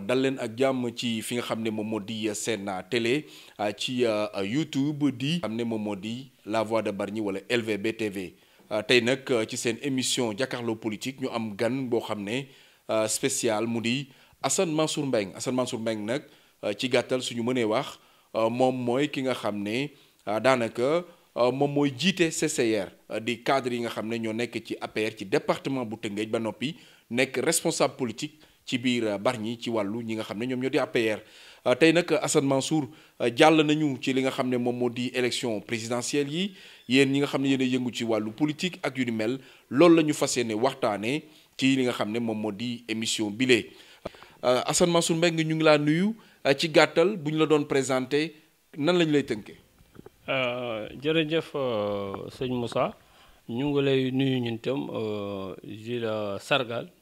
dal leen ak jàmm ci fi nga xam ne moom moo di seen télé ah, ci ah, YouTube di xam ne moom moo di La Voix de Bargny wala LVB TV ah, tey nag ci seen émission jàkkaarloo politique ñu am gan boo xam ne spécial mu di Assane Mansour Mbengue Assane Mansour nag ci gàttal suñu mënee wax moom mooy ki nga xam ne daanaka moom mooy jiite CCR di cadre yi nga xam ne ñoo nekk ci APR ci département bu Tëngéej ba noppi nekk responsable politique ci biir bar euh, Bargny ci wàllu ñi nga xam ne ñoom ñoo di APR euh, tey nag euh, Assane Mansour jàll nañu ci li nga xam ne moom moo di élection présidentielle yi yéen ñi nga xam ne yéen a yëngu ci wàllu politique ak yu ni mel loolu la ñu fas yéene waxtaanee ci li nga xam ne moom moo di émission bile. Assane Mansour Mbengue ñu ngi laa nuyu ci gàttal bu ñu la doon présenté nan la ñu lay tënkee. jërëjëf sëñ Moussa ñu ngi lay nuyu ñun itam ji la sargal.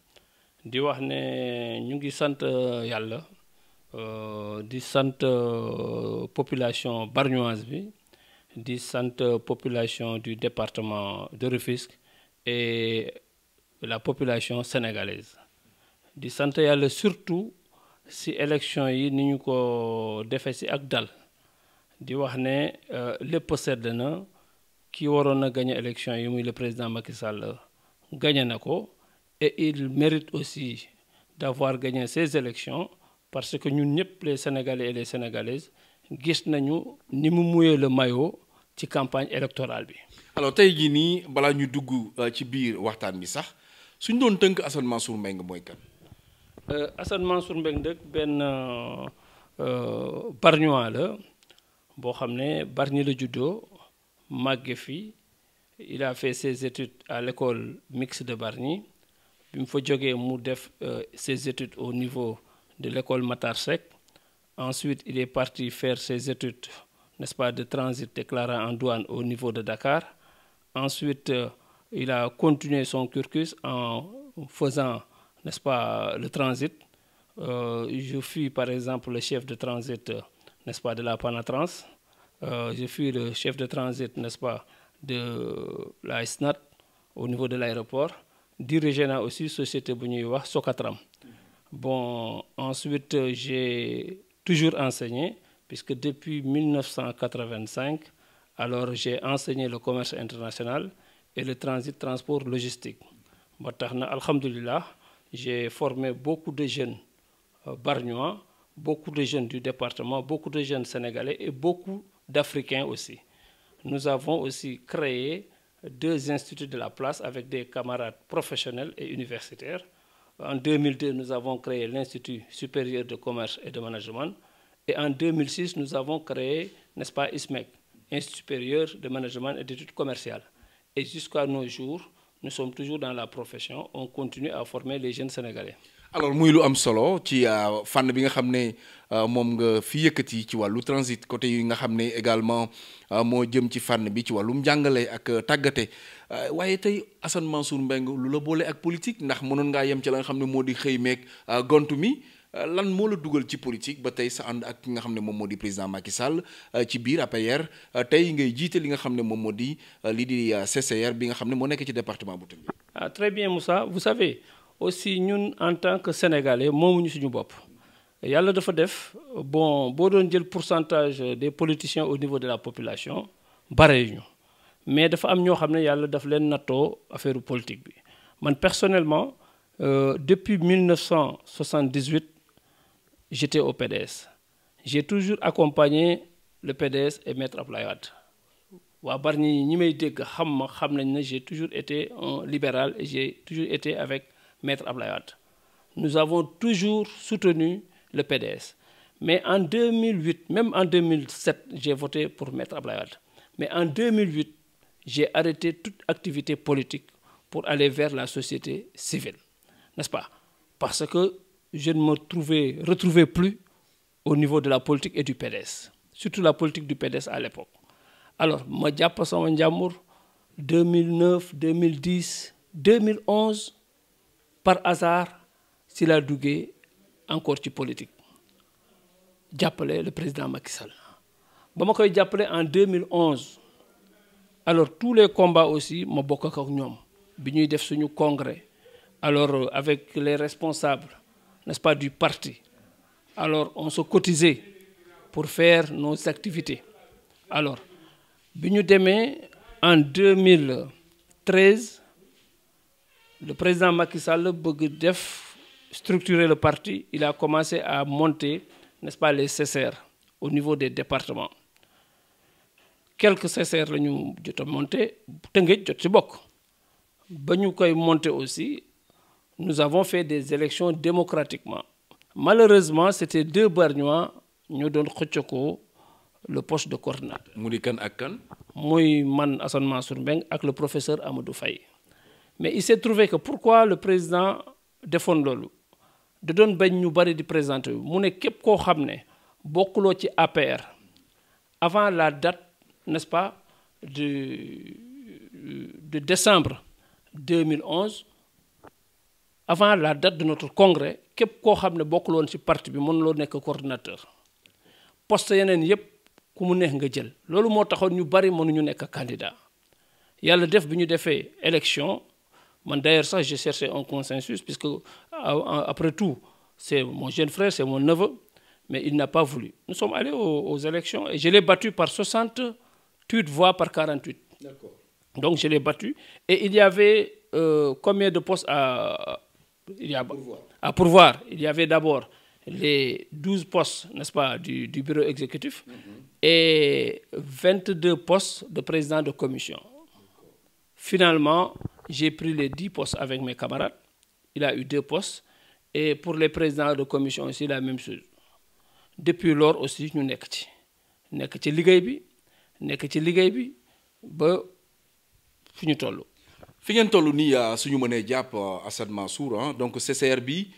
di wax ne ñu ngi sant euh, yàlla euh, di sant euh, population bargnoise bi di sant population du département de Rufisque et la population sénégalaise di sant yàlla surtout si élection yi ni ñu ko defee si ak dal di wax ne lépp sedd na ki waroon na gañe élection yi muy le président Macky Sall gañe na ko et il mérite aussi d'avoir gagné ces élections parce que ñun ñëpp les Sénégalais et les gis nañu ni mu muyee le maillot ci campagne électorale bi. alors tey jii nii bala ñu dugg euh, ci biir waxtaan bi sax suñ doon tënk Assane Mansour Mbengue mooy kan. Euh, Assane Mansour Mbengue nag benn euh, Bargnois la boo xam ne Bargny la juddoo màgge fi il a fait ses études à l'école mixte de Bargny. bi mu fa jógee mu def euh, ses études au niveau de l'école Matar Seck ensuite il est parti faire ses études n'est-ce pas de transit déclaré en douane au niveau de Dakar ensuite euh, il a continué son cursus en faisant n'est-ce pas le transit euh, je fus par exemple le chef de transit nest de la Panatrans euh, je le chef de transit n'est-ce pas de la SNAT au niveau de l'aéroport dirigé naa aussi société bu ñuy wax Socatram bon ensuite euh, j'ai toujours enseigné puisque depuis 1985 alors j'ai enseigné le commerce international et le transit transport logistique ba tax na alhamdulilah j'ai formé beaucoup de jeunes euh, bargnois beaucoup de jeunes du département beaucoup de jeunes sénégalais et beaucoup d'africains aussi nous avons aussi créé deux instituts de la place avec des camarades professionnels et universitaires. En 2002, nous avons créé l'Institut supérieur de commerce et de management. Et en 2006, nous avons créé, n'est-ce pas, ISMEC, Institut supérieur de management et d'études commerciales. Et jusqu'à nos jours, nous sommes toujours dans la profession. On continue à former les jeunes Sénégalais. alors muy lu am solo ci euh, fànn bi nga xam ne euh, moom nga fi yëkkati ci wàllu transit côté yi nga xam ne également euh, moo jëm ci fànn bi ci wàllum njàngale ak tàggate waaye tey Assane Mansour Mbengue lu la boole ak politique ndax mënoon ngaa yem ci la nga xam ne moo di xëy meeg gontu mi lan moo la dugal ci politique ba tey sa ànd ak ki nga xam ne moom moo di président Macky Sall ci biir APR tey ngay jiite li nga xam ne moom moo di lii di CCR bi nga xam ne moo nekk ci département bu aussi ñun en tant que sénégalais moomuñu suñu bopp yàlla dafa def bon boo doon jël pourcentage des politiciens au niveau de la population bareyuñu mais dafa am ñoo xam ne yàlla daf leen nattoo affaire politique bi man personnellement euh, depuis 1978 j'étais au PDS j'ai toujours accompagné le PDS et maître Abdoulaye Wade waa Bargny ñi may dégg xam ma xam nañ ne j'ai toujours été un libéral et toujours été avec maître Ablaye Wade nous avons toujours soutenu le PDS mais en 2008 même en 2007 j'ai voté pour maître Ablaye mais en 2008 j'ai arrêté toute activité politique pour aller vers la société civile n'est-ce pas parce que je ne me trouvais retrouvais plus au niveau de la politique et du PDS surtout la politique du PDS à l'époque alors ma jàpp sama njàmbur 2009 2010 2011 par hasard si laa duggee encore ci politique jàppale le président Macky Sall ba ma koy jàppale en 2011 alors tous les combats aussi ma bokk ak ñoom bi ñuy def suñu congrès alors euh, avec les responsables n'est-ce pas du parti alors on se cotisait pour fair nos activités alors bi ñu demee en 2013 le président Macky Sall bëgg def structurer la parti il a commencé à monter n'est-ce pas les CCR au niveau des départements quelques CCR la ñu jot a monter Tëngéej jot ci bokk ba ñu koy monter aussi nous avons fait des élections démocratiquement malheureusement c'était deux Bargnois ñoo doon xëccoo le poste de coordinateur. mu di kan ak kan. muy man Assane Mansour Mbengue ak le professeur Amadou fay mais il s'est trouvé que pourquoi le président defoon loolu da doon bañ ñu bari di présenté wu mu ne képp koo xam ne bokkuloo ci APR avant la date n'est-ce pas du de décembre 2011 avant la date de notre congrès képp koo xam ne bokkuloon ci parti bi mënuloo nekk coordinateur poste yeneen yépp ku mu neex nga jël loolu moo taxoon ñu bari mënuñu nekk candidat yàlla def bi ñu defee élection Man d'ailleurs, ça, j'ai cherché un consensus, puisque euh, après tout, c'est mon jeune mais il n'a pas voulu. Nous sommes allés aux, aux élections et je l'ai battu par 68 voix par 48. D'accord. Donc Et il y avait euh, de postes à, il y a, pourvoir. à pourvoir Il y avait d'abord les 12 postes, n'est-ce pas, mhm. de président de commission. j'ai pris les 10 postes avec mes camarades. Il a eu deux postes. Et pour les présidents de commission aussi, la même chose. Depuis lors aussi, ñu nekk ci nekk ci liggéey bi nekk ci liggéey bi ba fi ñu toll. fi ngeen toll nii ah, suñu mënee jàpp ah, Assad Mansour ah, donc CCR bi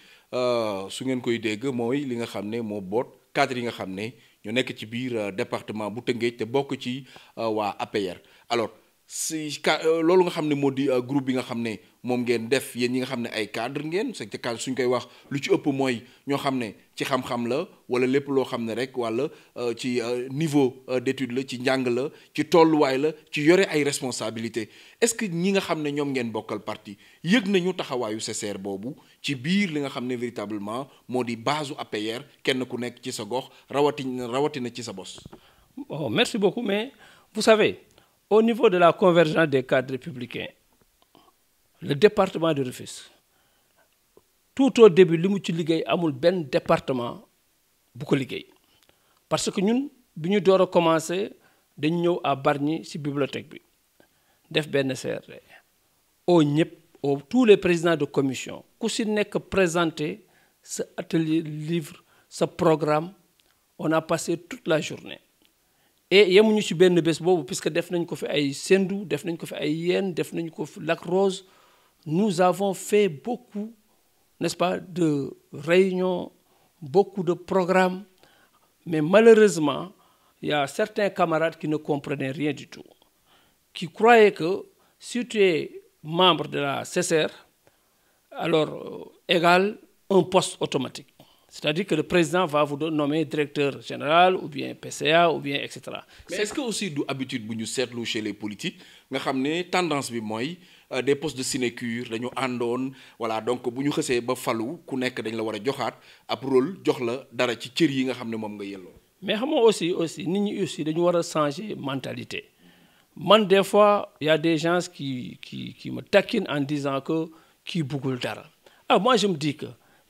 su ngeen koy dégg mooy li nga xam ne moo boot cadre yi nga xam ne ñu nekk ci biir département bu Tëngéej te bokk ci waa APR alors. si ka euh, loolu nga xam ne moo di euh, groupe bi nga xam ne moom ngeen def yéen ñi nga xam ne ay cadre ngeen c'est que cadre suñ koy wax lu ci ëpp mooy ñoo xam ne ci xam-xam la wala lépp loo xam ne rek wala euh, ci niveau d'étude la ci njàng la ci tolluwaay la ci yore ay responsabilité est-ce que ñi nga xam ne ñoom ngeen bokkal parti yëg nañu taxawaayu CCR boobu ci biir li nga xam ne véritablement moo di base APR kenn ku nekk ci sa gox rawatina rawatina ci sa bos. au niveau de la convergence de cadres républicains le département de Rufisque tout au début li mu ci liggéey amul benn département bu ko liggéey parce que ñun bi ñu door a commencé dañu ñëw à Bargny ci bibliothèque bi def benn CRD au ñëpp au tous les présidents de commission ku ci nekk présenté sa atelier livre sa programme on a passé toute la journée et yemuñu ci benn bés boobu puisque def nañ ko fi ay Sendou def nañ ko fi ay Yène def nañ ko fi Lac Rose nous avons fait beaucoup n'est-ce pas de réunions beaucoup de programme mais malheureusement il y a certains camarades qui ne comprenaient rien du tout qui croyaient que si tu es membre de la CCR alors euh, égal égale un poste automatique cest a dire que le président va vous nommer directeur général ou bien PCA ou bien et cetera. ce que aussi du habitude bu ñu seetlu chez les politiques nga xam ne tendance bi mooy euh, des postes de sinécure dañu àndoon voilà donc bu ñu xësee ba falu ku nekk dañ la war a joxaat ab rôle jox la dara ci cër yi nga xam ne moom nga yelloo. mais xam nga aussi aussi nit ñi aussi dañu war a changer mentalité man des fois y a des gens qui qui qui me taquinent en disant que kii bëggul dara ah moi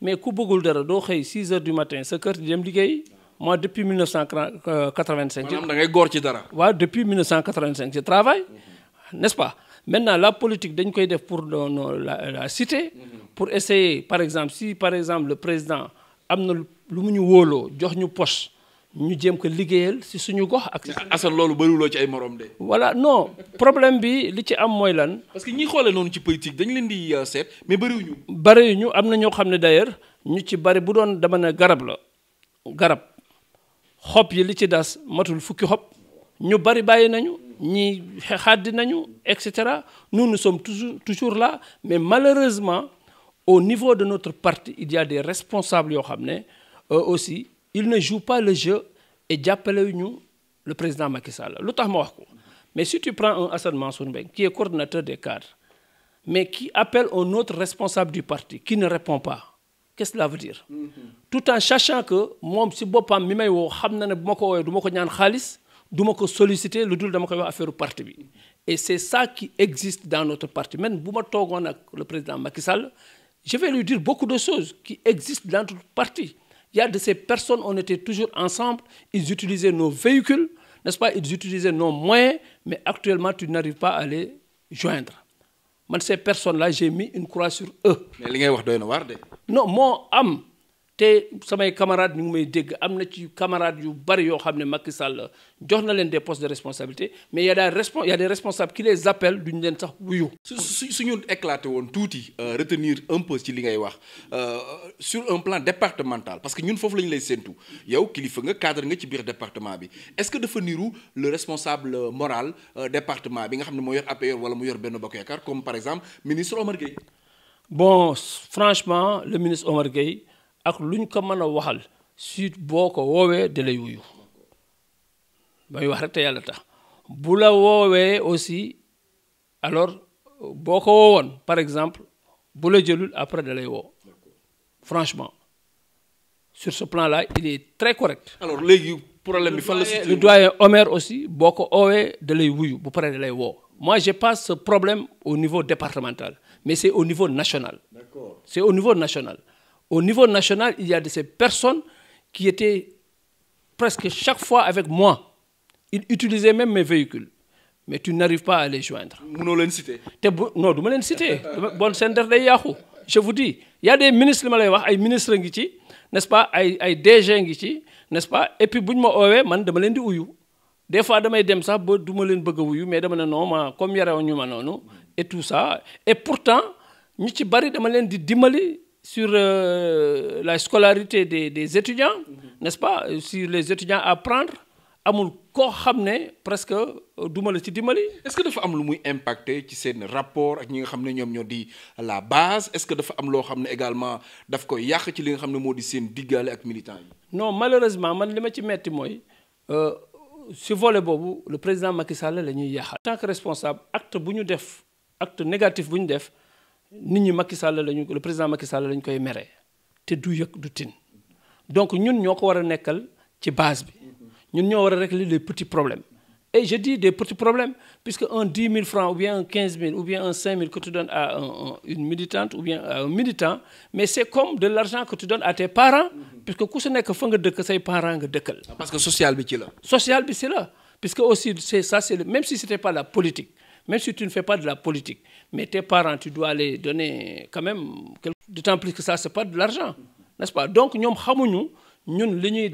mais ku bëggul dara doo xëy 6 heures du matin sa kër di dem liggéey moi depuis 1985. cent euh, da ngay góor ci dara. waaw depuis 1985 je travaille mhm. n'est-ce pas maintenant la politique dañ koy def pour euh, non la la cité. Mhm. pour essayer par exemple si par exemple le président am na lu mu ñu wóoloo jox ñu poche. ñu jéem ko liggéeyal si suñu gox ak. asal loolu bëriwuloo ci ay morom de. voilà non problème bi li ci am mooy lan. parce que ñi xoolee noonu ci politique dañu leen di euh, seet mais bëriwuñu. ñu am na ñoo xam ne d'ailleurs ñu ci bëri bu doon dama garab la garab xob yi li ci das matul fukki xob ñu bëri bàyyi nañu ñi xaddi nañu et cetera nous nous toujours toujours là mais malheureusement au niveau de notre parti il y a des responsables yoo xam ne aussi. il ne joue pas le jeu et jàppale ñu le président Macky Sall lu tax ma wax ko mais si tu prends un Assane Mansour Mbengue qui est coordinateur des cadres mais qui appelle un autre responsable du parti qui ne répond pas qu'est-ce que cela veut dire mm-hmm. tout en sachant que moom si boppam mi may woo xam na ne bu ma ko woowee du ma ko ñaan xaalis du ma ko solliciter lu dul dama koy wax affaire parti bi et c'est ça qui existe dans notre parti même bu ma toogoon ak le président Macky Sall je vais lui de choses qui existent dans parti y a de ces personnes, on était toujours ensemble, ils utilisaient nos véhicules, n'est-ce pas, ils utilisaient nos moyens, mais actuellement, tu n'arrives pas à les joindre. man ces personnes là j'ai mis une croix sur eux. mais li ngay wax doy na waar de. non moo am te samay camarades ñu ngi may dégg am na ci camarades yu bari yoo xam ne Macky Sall jox na leen des postes de responsabilité mais y a des respons y a des leen sax wuyu. su su suñu éclaté woon tuuti euh, retenir un peu ci li ngay wax euh, sur un plan départemental parce que ñun foofu la ñu lay séntu yow kilifa nga cadre nga ci biir département bi est-ce que dafa niru le responsable euh, moral département bi nga xam ne moo yor APR e wala mu yor Benno Bokk Yaakaar comme par exemple ministre Omar Gueye. bon franchement le ministre Omar Gueye. ak ñu ko man a waxal si boo ko woowee da lay wuyu wax rek te yàlla tax bu la woowee aussi alors boo ko par exemple bu la jëlul après da lay woo franchement sur ce plan là léegi problème bi fan la. le doyen aussi boo ko oowee da lay bu paree da lay woo. moi j'ai pas ce problème au niveau départemental mais c'est niveau national. c'est au niveau national. Au niveau national, il y a de ces personnes qui étaient presque chaque fois avec moi. Ils utilisaient même mes véhicules. mais tu n'arrives pas à les joindre. mënoo leen citer. te bu non du leen citer bon seen der day yàqu je vous dis y a des ministres li ma lay wax ay ministres ngi ci n'est-ce pas ay ay DG ngi ci n'est-ce pas et puis bu ñu ma oowee man dama leen di uyu des fois damay dem sax ba duma leen bëgg a wuyu mais dama ne non ma comme yarewu ñu ma noonu et tout ça et pourtant ñu ci bari dama leen di dimbali. sur euh, la scolarité des des étudiants mhm. n'est-ce pas sur les étudiants à prendre amul koo xam ne presque euh, duma la ci dimbali. est-ce que dafa am lu muy impacter ci seen rapport ak ñi nga xam ne ñoom ñoo di la base est-ce que dafa am loo xam ne également daf koy yàq ci li nga xam ne moo di seen diggaale ak militants yi. non malheureusement man li ma ci metti mooy si euh, volet boobu le président Macky Sall la ñuy yàqal. en tant que responsable acte bu ñu def acte négatif bu ñu def. nit ñi Macky Sall lañu le président Macky Sall lañu koy mere te du yëg du tin donc ñun ñoo ko war a nekkal ci base bi ñun ñoo war a régler les petits problèmes et je dis des petits problèmes puisque un 10 000 francs ou bien un 15 000 ou que tu donnes à un, un, ou bien à un militant mais c'est comme de l'argent que tu donnes à tes parents puisque ku si nekk fa nga dëkk say parents nga dëkkal parce que social bi ci la social bi ci la puisque aussi c'est ça c'est le si c'était pas la politique Même si tu ne fais pas de la politique, mais tes parents, tu dois les donner quand même, d'autant plus que ça, c'est pas de l'argent, n'est-ce pas Donc, nous savons, nous, nous,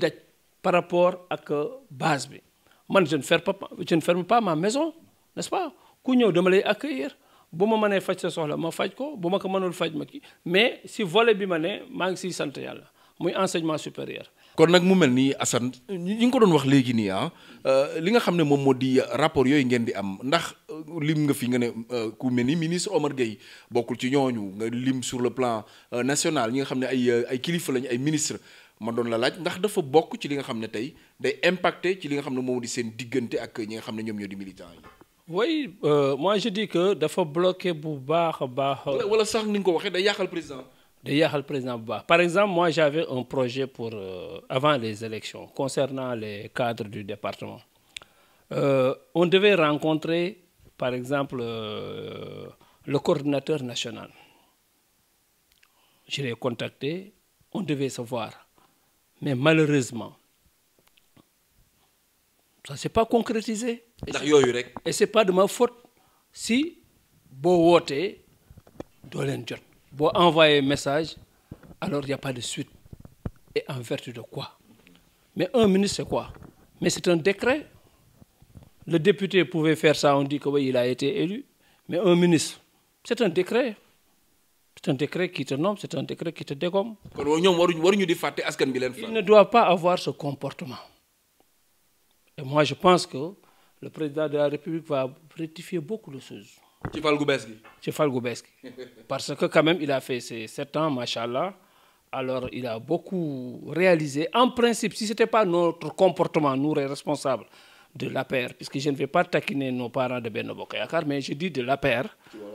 par rapport ak la euh, base. bi man ne ferme pas, je ne ferme ma maison, n'est-ce pas ku ñëw je les accueillir. bu ma mënee faj sa soxla ma faj ko bu ma ko mënul faj ma ki mais si volet bi ma ne maa ngi siy sant yàlla muy enseignement supérieur kon nag mu mel nii Assane ñu ngi ko doon wax léegi nii ah euh, li nga xam ne moom moo di rapport yooyu ngeen di am ndax euh, lim nga fi nga ne euh, ku mel ni ministre Omar Gueye bokkul ci ñooñu nga lim sur le plan national ñi nga xam ne ay ay kilifa lañ ay ministre ma doon la laaj ndax dafa bokk ci li nga xam ne tey day impacté ci li nga xam ne moom di seen diggante ak ñi nga xam ne ñoom ñoo di militant yi. oui moi je dis que dafa bloqué bu baax a baax. wala sax ni nga ko waxee day yàqal président. day yàqal président bu baax par exemple moi j'avais un projet pour euh, avant les élections concernant les cadre du département euh, on devait rencontrer par exemple euh, le coordinateur national je l'ai contacté on devait se voir mais malheureusement ça s'est pas concrétisé ndax yooyu rek et c'est pas de ma faute si boo wootee doo leen jot boo envoyé message alors il n'y a pas de suite et en vertu de quoi mais un ministre c'est quoi mais c'est un décret le député pouvait faire ça on dit que oui il a été élu mais un ministre c'est un décret c'est un décret qui te nomme c'est un décret qui te dégomme di fàtte askan bi leen il ne doit pas avoir ce comportement et moi je pense que le président de la République va rectifier beaucoup de choses ci fal gu bees gi. gu bees gi parce que quand même il a fait ses sept ans macha allah alors il a beaucoup réalisé en principe si c'était pas notre comportement nous les responsables de l'APR puisque je ne vais pas taquiner nos parents de Benno Bokk Yaakaar mais je dis de l'APR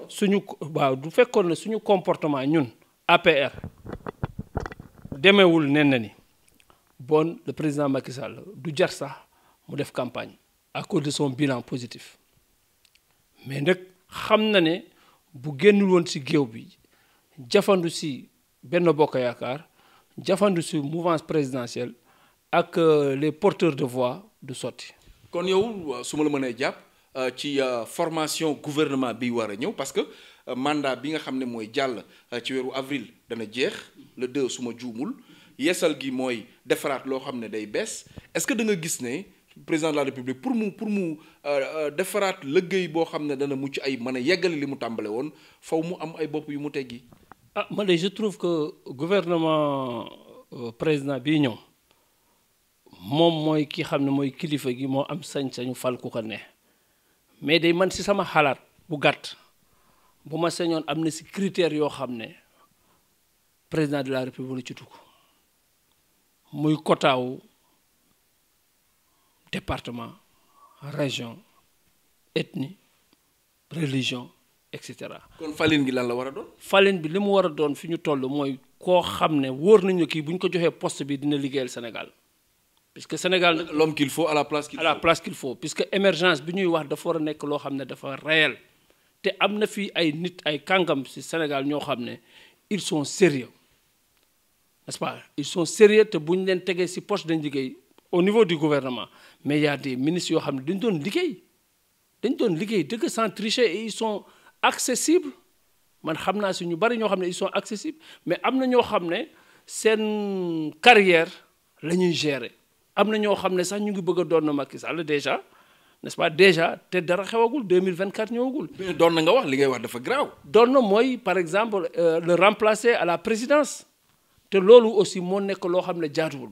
suñu waaw du fekkoon ne suñu comportement ñun APR demewul nen na ni bon le président Macky Sall du jar sax mu def campagne à cause de son bilan positif mais nag xam na ne bu génnul woon ci géew bi jafandu ci benn Bokk Yaakaar jafandu ci mouvance présidentielle ak euh, les porteurs de voix du sotti. kon yowul euh, su ma la mënee jàpp euh, ci formation gouvernement bi war a ñëw parce que mandat bi nga xam ne mooy jàll ci weeru avril dana jeex le 2 su ma juumul yesal gi mooy defaraat loo xam ne day bees est-ce que da gis ne. président de la république pour mu pour mu euh, euh, defaraat lëggéey boo xam ne dana mucc ay man a yeggale li mu tàmbale woon faw mu am ay bopp yu mu teggi. ah man de je trouve que gouvernement euh, président bii ñëw moom mooy ki xam ne mooy kilifa gi moo am sañ-sañu fal ku ko ne mais day man si sama xalaat bu gàtt bu ma sañoon am na si critères yoo xam ne président de la république la ci dugg muy kotaawu département région ethnie religion et cetera. kon faline gi lan la war a doon. faline bi li mu war a doon fi ñu toll mooy koo xam ne wóor nañu kii bu ñu ko joxee post bi dina liggéeyal Sénégal puisque Sénégal. l'homme qu'il faut à la place à la place qu'il faut puisque émergence bi ñuy wax dafa war a nekk loo xam ne dafa réel te am na fii ay nit ay kàngam si Sénégal ñoo xam ne ils sont sérieux n'est-ce pas ils sont sérieux te bu ñu leen tegee si poste dañ liggéey. au niveau du gouvernement mais il y a yoo xam ne dañ doon liggéey dañ doon liggéey dëgg sans tricher et ils sont accessibles man xam naa si ñu bari ñoo xam ne ils sont accessibles mais am na ñoo xam ne seen carrière la ñuy gérer am na ñoo xam ne sax ñu ngi bëgg doon na Macky Sall déjà n'est-ce pas déjà te dara xewagul 2024 ñëwagul. doon na nga wax li ngay wax dafa graw doon na mooy par exemple euh, le remplacer à la présidence te loolu aussi moo nekk loo xam ne jaatuwul.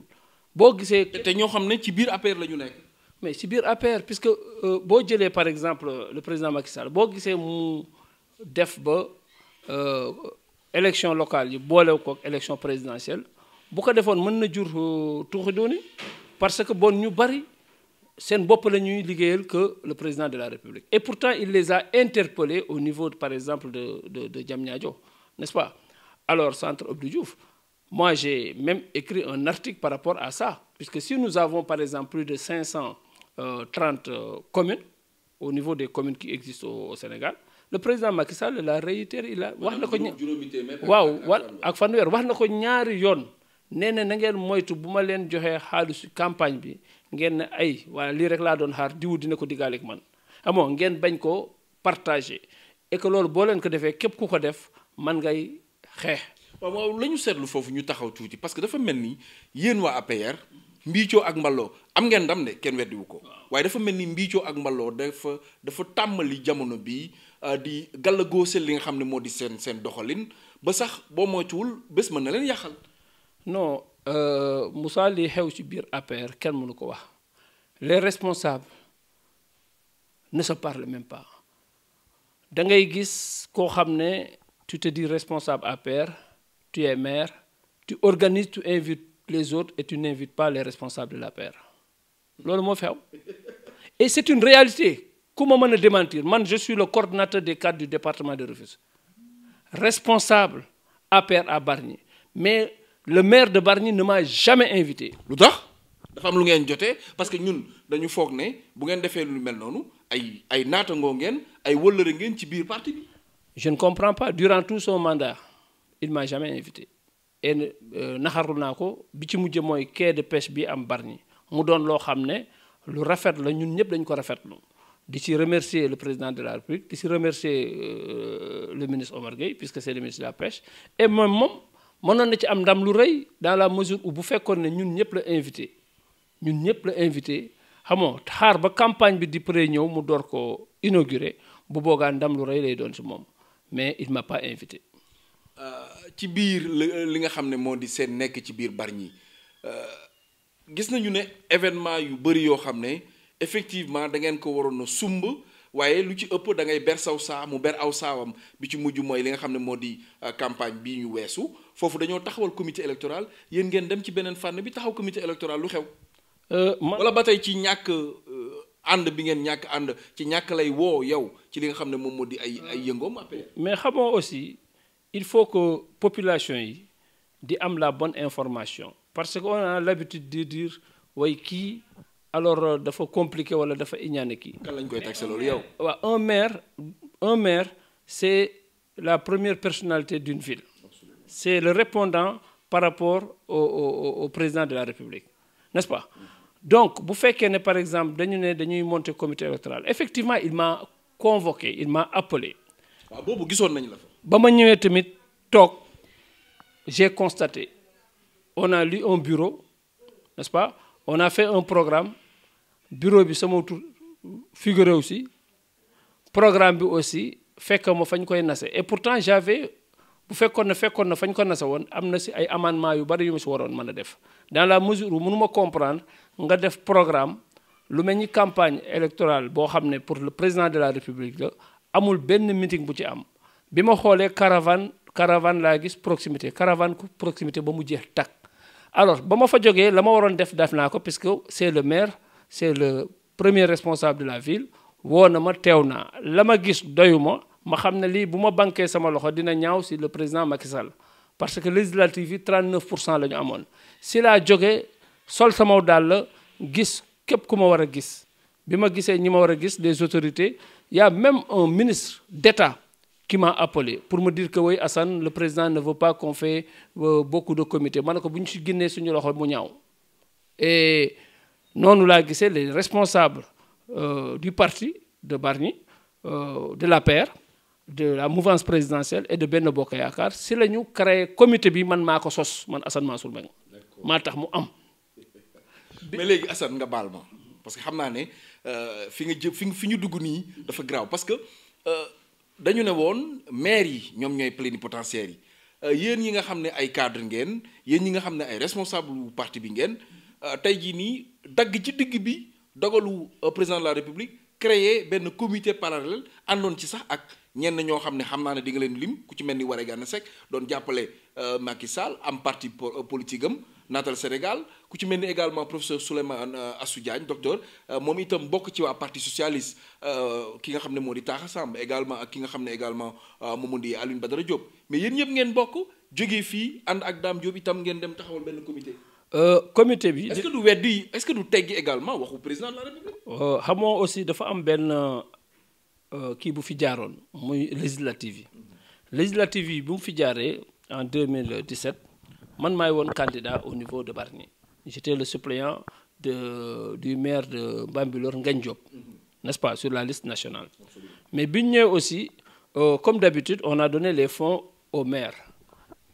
boo gisee. te ñoo xam ne ci biir APR la ñu nekk. mais ci biir APR puisque euh, boo jëlee par exemple le président Macky Sall boo gisee mu def ba euh, élection locale yi boolew ko ak élection présidentielle bu ko defoon mën na jur euh, tuuxi dooni parce que bon ñu bari seen bopp la ñuy liggéeyal que le président de la République et pourtant il les a interpellés au niveau par exemple de de de Diamniadio n'est-ce pas alors centre Abdou Diouf Moi, j'ai même écrit un article par rapport à ça, puisque si nous avons, par exemple, plus de 530 euh, euh, commune au niveau des communes qui existent au, Sénégal, le président Macky Sall la réitéré la wax na ko waaw wa ak fanweer wax na ko ñaari yoon nee na na ngeen moytu bu ma leen joxee xaalisu campagne bi ngeen ne ay waa lii rek laa doon xaar diwu dina ko diggaaleeg man amoo ngeen bañ ko partagé et loolu boo leen ko defee képp ku ko def man ngay xeex waaw waaw la ñu seetlu foofu ñu taxaw tuuti parce que dafa mel ni yéen waa APR mbiicoo ak mbaloo am ngeen ndam de kenn weddiwu ko waaye dafa mel ni mbiicoo ak mbaloo dafa dafa tàmmali jamono bi euh, di gàllagooseel li nga xam ne moo di seen seen doxalin ba sax boo moytuwul bés mën na leen yàqal non euh, Moussa li xew ci biir APR kenn mënu ko wax les responsable ne se parlent même pas da ngay gis koo xam ne tu te responsable APR tu es maire, tu organises, tu invites les autres et tu n'invites pas les responsables de la paire loolu moo feew et c'est une réalité ku ma mën a démentir man je suis le coordinateur des cadres du département de Rufisque responsable APR à Bargny mais le maire de Bargny ne m'a jamais invité. lu tax dafa am lu ngeen jotee parce que ñun dañu foog ne bu ngeen defee lu mel noonu ay ay naatangoo ngeen ay wëllëre ngeen ci biir parti bi. je ne comprends pas son mandat. il m'a jamais invité et euh, naxarlu naa ko bi ci mujj mooy quai de pêche bi am barni mu doon loo xam ne lu rafet la ñun ñëpp dañu ko rafet rafetlu di ci remercier le président de la République di ci remercier euh, le ministre Omar Gueye puisque c'est le ministre de la pêche et moom moom mënoon na ci am ndam lu rey dans la mesure où bu fekkoon ne ñun ñëpp la invité ñun ñëpp la invité xamoo xaar ba campagne bi di pré ñëw mu door ko inauguré bu boogaa ndam lu rëy lay doon ci moom Euh, ci biir li nga xam ne moo di seen nekk ci biir Bargny euh, gis nañu ne événement yu bëri yoo xam ne effectivement da ngeen ko waroon a sumb waaye lu ci ëpp dangay ber saw saa mu ber aw saawam bi ci mujj mooy li nga xam ne moo di euh, campagne bii ñu weesu foofu dañoo taxawal comité électoral yéen ngeen dem ci beneen fànn bi taxaw comité électoral lu xew. wala ba tey ci ñàkk ànd bi ngeen ñàkk ànd ci ñàkk lay woo yow ci li nga xam ne moom moo di ay ay yëngoom. mais xamoo aussi. il faut que population yi di am la bonne information parce que on a l'habitude de dire way kii alors euh, dafa compliqué wala dafa iñaane kii. lañ koy taxé yow. waaw un maire un maire c'est la première personnalité d'une ville. c'est le répondant par rapport au au au président de la République n'est-ce pas. donc bu fekkee ne par exemple dañu ne dañuy monter comité électoral effectivement il m'a convoqué il m'a appelé. waaw boobu gisoon nañ la ba ma ñëwee tamit toog j'ai constaté on a lii un bureau nest pas on a fait un programme bureau bi sama tur figuré aussi programme bi aussi fekk ma fañ koy nase et pourtant j'avais bu fekkoon na fekkoon na fañ ko nase woon am na si ay amendement yu bari yu ma si waroon mën a def dans la mesure où mënuma comprendre nga def programme lu mel ñi campagne électorale boo xam ne pour le président de la république la amul benn meeting bu ci am bi ma xoolee caravane caravane laa gis proximité caravane ku proximité ba mu jeex takk alors ba ma fa jógee la ma waroon def def naa ko que c'est le maire c'est le premier responsable de la ville woo na ma teew naa la ma gis doyuma ma xam ne lii bu ma banquee sama loxo dina ñaaw si le président Macky parce que législative yi 39 pour cent lañu amoon si laa jógee sol sama daal gis képp ku ma war a gis bi ma gisee ñi ma war a gis des autorités y même un ministre d'État qui m'a appelé pour ma diir que oui Assane le président ne veut pas qu'on fait euh, beaucoup de comités man ne ko bu ñu si génnee suñu loxo mu ñaaw et noonu laa gisee les responsable euh, du parti de Bargny euh, de l'APR de la mouvance présidentielle et de benn Bokk Yaakaar si la ñu créé comité bi man maa ko sos man Assane Mansour Mbengue maa tax mu am mais léegi Assane nga baal ma parce que xam naa ne euh, fi nga jë fi fi ñu dugg nii dafa grave parce que euh, dañu ne woon maire yi ñoom ñooy plénipotentiaires yi euh, yéen yi nga xam ne ay cadre ngeen yéen ñi nga xam ne ay responsable bu parti bi ngeen euh, tey jii nii dagg ci digg bi dogalu euh, président de la république créer benn comité parallèle àndoon ci sax ak ñenn ñoo xam ne xam naa ne di nga leen lim ku ci mel ni Waré gànna Seck doon jàppale Macky Sall am parti politique am naatal Sénégal ku ci mel ni également professeur Souleymane euh, Assou Diagne docteur euh, moom itam bokk ci waa parti socialiste euh, ki nga xam ne moo di Taaxa Samb également ak ki nga xam ne également moom moo di ba dara Diop mais yéen ñëpp ngeen bokk jógee fii ànd ak Dame Diop itam ngeen dem taxawal benn comité. comité bi. est-ce que du weddi est-ce que du teggi également waxu président de la République. aussi dafa am benn kii bu fi jaaroon muy législative yi. législative yi bu mu fi jaaree en 2017 man maay woon candidat au niveau de Bargny. j'étais le suppléant de du maire de Bambilor Ngagne Diop n'est-ce pas sur la liste nationale mais bi ñu ñëwee aussi euh, comme d'habitude on a donné les fonds au maire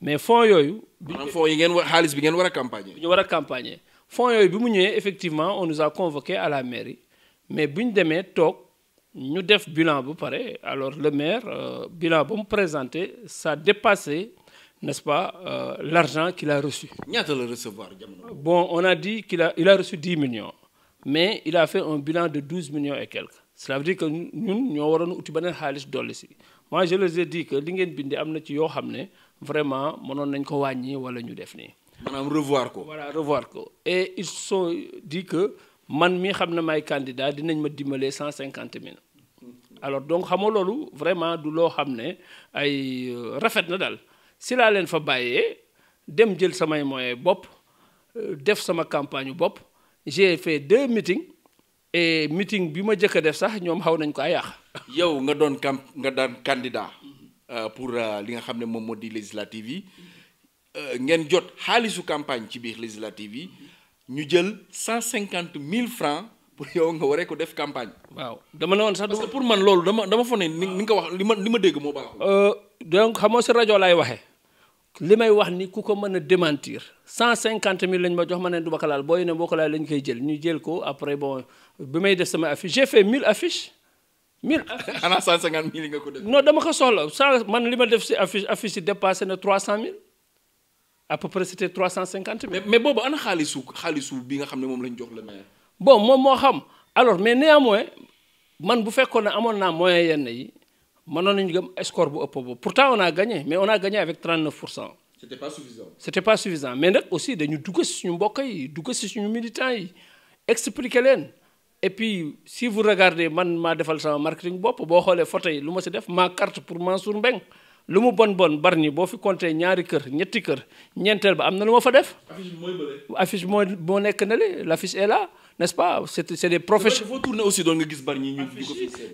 mais fonds yooyu maanaam fonds yi ngeen war xaalis bi ngeen war a campagne bi ñu war a campagne fonds yooyu bi mu ñëwee effectivement on nous a convoqué à la mairie mais bi ñu demee toog ñu def bilan bu pare alors le maire euh, bilan ba mu présenté ça dépassé n'est-ce pas, euh, l'argent qu'il a reçu. Bon, on a dit qu'il a, il a reçu 10 millions, mais il a fait un bilan de 12 millions et quelques. Cela veut dire que ñoo waroon uti outil benen xaalis dolli si moi je les ai dit que li ngeen bindi am na ci yoo xam ne vraiment mënoon nañ ko wàññi wala ñu def nii. maanaam revoir ko. voilà revoir ko et ils sont dit que man mii xam na may candidat dinañ ma dimbalee cent cinquante mille. Hmm. alors donc xam nga loolu vraiment du loo xam ne ay euh, rafet na si laa leen fa bàyyee dem jël samay moyens bopp euh, def sama campagne bopp gf fait deux meetings et meeting bi ma jëkk a def sax ñoom xaw nañ ko ay yàq. yow nga doon camp nga daan candidat euh, pour euh, li nga xam ne moom moo di législative yi ngeen jot xaalisu campagne ci biir législative yi ñu jël cent cinquante mille francs pour yow nga waree ko def campagne. waaw dama ne woon sax. parce pour man loolu dama dama foog ne ni nga ko wax li ma li ma dégg moo baax. donc xam nga si rajo laay waxee. li may wax ni ku ko mën a demantir cent cinquante mille lañ ma jox ma ne du ma ko laal booy ne boo ko laal lañ koy jël ñu jël ko après bon bi may def sama affiche j'ai mille affiches. mille affiches xanaa cent cinquante mille nga ko def. non dama ko soxla cent man li ma def si affiche affiche yi dépassé na trois cent mille à peu près trois cent cinquante mille. mais boobu ana xaalisu xaalisu bi nga xam ne moom lañ jox la maire. bon moom moo xam alors mais néanmoins man bu fekkoon ne amoon naa moyen yenn yi. mënoon nañu gëm score bu ëpp boobu pourtant on a gagné mais on a gagné avec 39 pour cent. c' était pas suffisant. c' était pas mais nag aussi dañu dugg si suñu mbokk yi dugg si suñu militants yi expliquer leen et puis si vous regardez man maa defal sama marketing bopp boo xoolee photo lu ma si def ma carte pour Mansour Mbengue lu mu bon bon Bargny boo fi compté ñaari kër ñetti kër ñeenteel ba am na lu ma fa def. affiche bi mooy moo nekk na le l' affiche est n'est-ce pas c'est c'est des professionnels. foo tourner aussi doon nga gis bari ñi ñu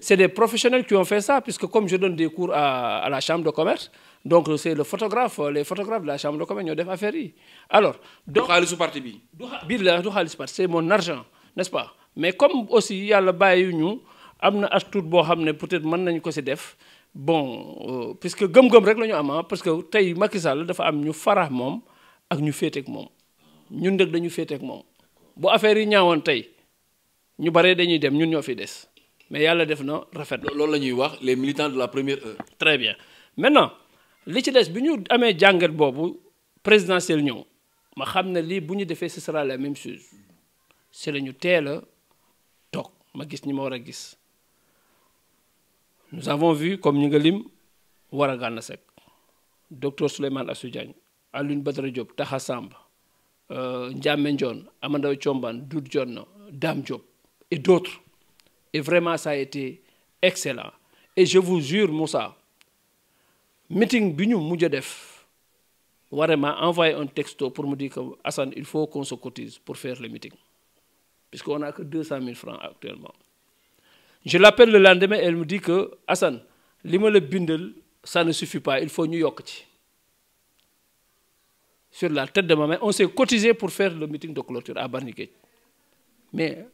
c'est des professionnels qui ont fait ça puisque comme je donne des cours la chambre de commerce donc c'est le photographe les photographes de la chambre de commerce ñoo def affaire yi alors. donc xaalisu parti bi. du xa biir la du xaalisu parti c'est mon argent n'est-ce pas mais comme aussi yàlla bàyyi ñu am na as tuut boo xam ne peut-être mën nañu ko ci def. bon euh, puisque gëm-gëm rek la ñu am ah, parce que tey Macky dafa am ñu farax moom ak ñu féeteeg moom ñun nag dañu féeteeg moom bu affaire yi ñaawoon tey ñu bare dañuy dem ñun ñoo fi des mais yàlla def na rafet loolu la ñuy wax les militants de la première très bien maintenant li ci des bi ñu amee jàngat boobu présidentielle ñëw ma xam ne lii bu ñu defee si sera la même chose c'est la ñu teel a toog ma gis ñi ma war a gis nous avons vu comme ñu nga lim war a gànn sec docteur Souleymane Assou Diagne Alioune Badara Diop Taxa Samba Euh, Ndiamé Ndione Amadou Thiombane Doudou Dione Dame Diop et d'autres et vraiment ça a été excellent et je vous jure Moussa meeting bi ñu mujj a def vraiment envoyé un texto pour mu di ko Assane il faut qu'on pour faire le meeting puisqu'on n'a deux 200 mille francs actuellement je l'appelle le lendemain elle me di que Assane li ma la bindal ça ne suffit pas il faut ñu yokk ci sur la tête de ma main on s'est cotisé pour faire le meeting de clôture à Barniquet mais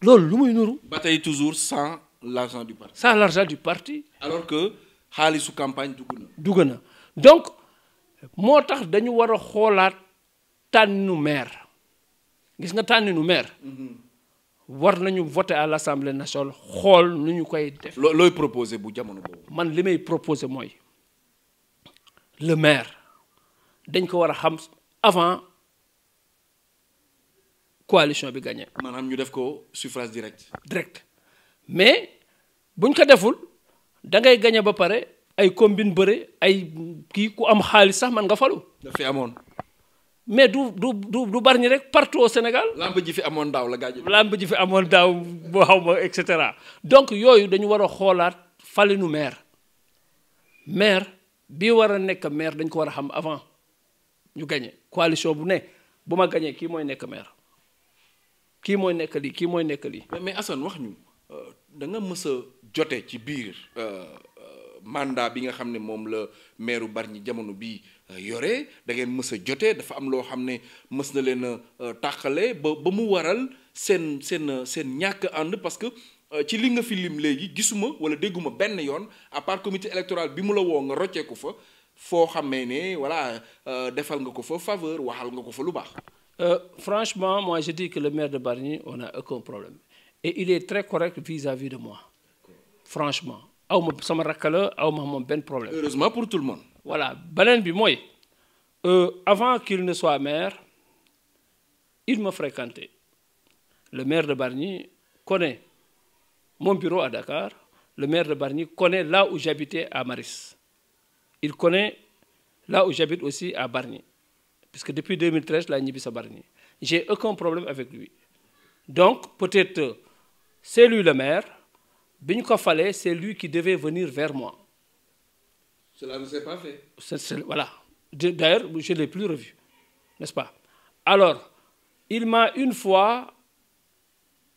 loolu lu muy nuru. bataille toujours sans l'argent du parti. sans l'argent du parti. alors que xaalisu campagne dugg na. na donc moo tax dañu war a xoolaat tànninu maire gis nga tànninu maire. Mm-hmm. war nañu voter à l'Assemblée nationale xool nu ñu koy def. looy proposer bu jamono boobu. man li may proposer mooy le maire. dañ ko war a xam avant coalition bi gagné. maanaam ñu def ko suffrage direct. direct mais buñ ko deful dangay ngay gagné ba pare ay combine bëre ay kii ku am xaalis sax man nga falu. daf amoon. mais du du du du bari ñi rek partout au Sénégal. lamb ji fi amoon daaw la gaa ji. lamb ji fi amoon daaw boo xaw ma et cetera donc yooyu dañu war a xoolaat fale nu maire maire bi war a nekk maire dañ ko war a xam avant. ñu gañe coalition bu ne bu ma gañee kii mooy nekk maire kii mooy nekk lii kii mooy nekk lii. mais Assane wax ñu euh, da nga mës a jote ci biir euh, mandat bi nga xam ne moom la maire ñi jamono bi euh, yore da ngeen mës a jote dafa am loo xam ne mës na leen a tàqale ba ba mu waral seen seen seen ñàkk ànd parce que. ci li nga fi lim léegi gisuma wala dégguma benn yoon à part comité bi mu la woo nga rocceeku fa foo xamee ne voilà euh, defal nga ko fa faveur waxal nga ko fa lu baax. Euh, franchement moi je dis que le maire de Bargny on a aucun problème et il est très correct vis-à-vis de moi franchement aw ma sama rakk la aw ma moom benn problème. heureusement pour tout le monde. voilà beneen bi mooy euh, avant qu'il ne soit maire il m'a fréquenté le maire de Bargny connaît mon bureau à Dakar le maire de Bargny connaît là où j'habitais à Maris. il connaît là où j'habite aussi à Bargny puisque depuis 2013 laa ñibbi sa Bargny j'ai aucun problème avec lui donc peut-être c'est lui le maire bi ñu ko falee c'est lui qui devait venir vers moi. cela ne s'est pas fait. voilà d'ailleurs je l'ai plus revu n'est-ce pas alors il m'a une fois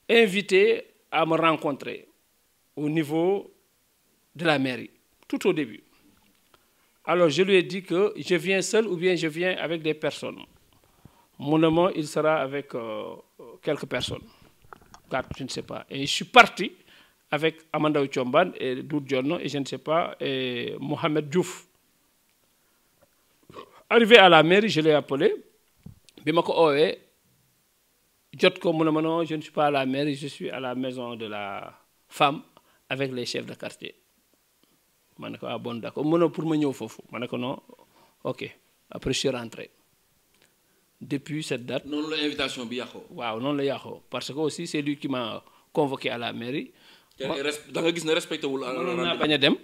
invité à me rencontrer au niveau de la mairie tout au début alors je lui ai dit que je viens seul ou bien je viens avec des personnes mu ne ma il sera avec euh, quelques personnes quatre je ne sais pas et je suis parti avec Amandaw Thiombane et Doudou Diorno et je ne sais pas et Mohamed arrivé à la mairie je l'ai appelé bi ma ko oowee jot ko mu ne ma non je ne suis pas à la mairie je suis à la maison de la femme avec les chefs de quartier man ne ko ah bon d'accord mu pour ma ñëw foofu man ne ko non ok après je depuis cette date. noonu la invitation bi yàqoo. waaw noonu la yàqoo parce que aussi c'est lui qui m'a convoqué à la mairie. da nga gis ne respecté wul. Euh, mënoon naa bañ a dem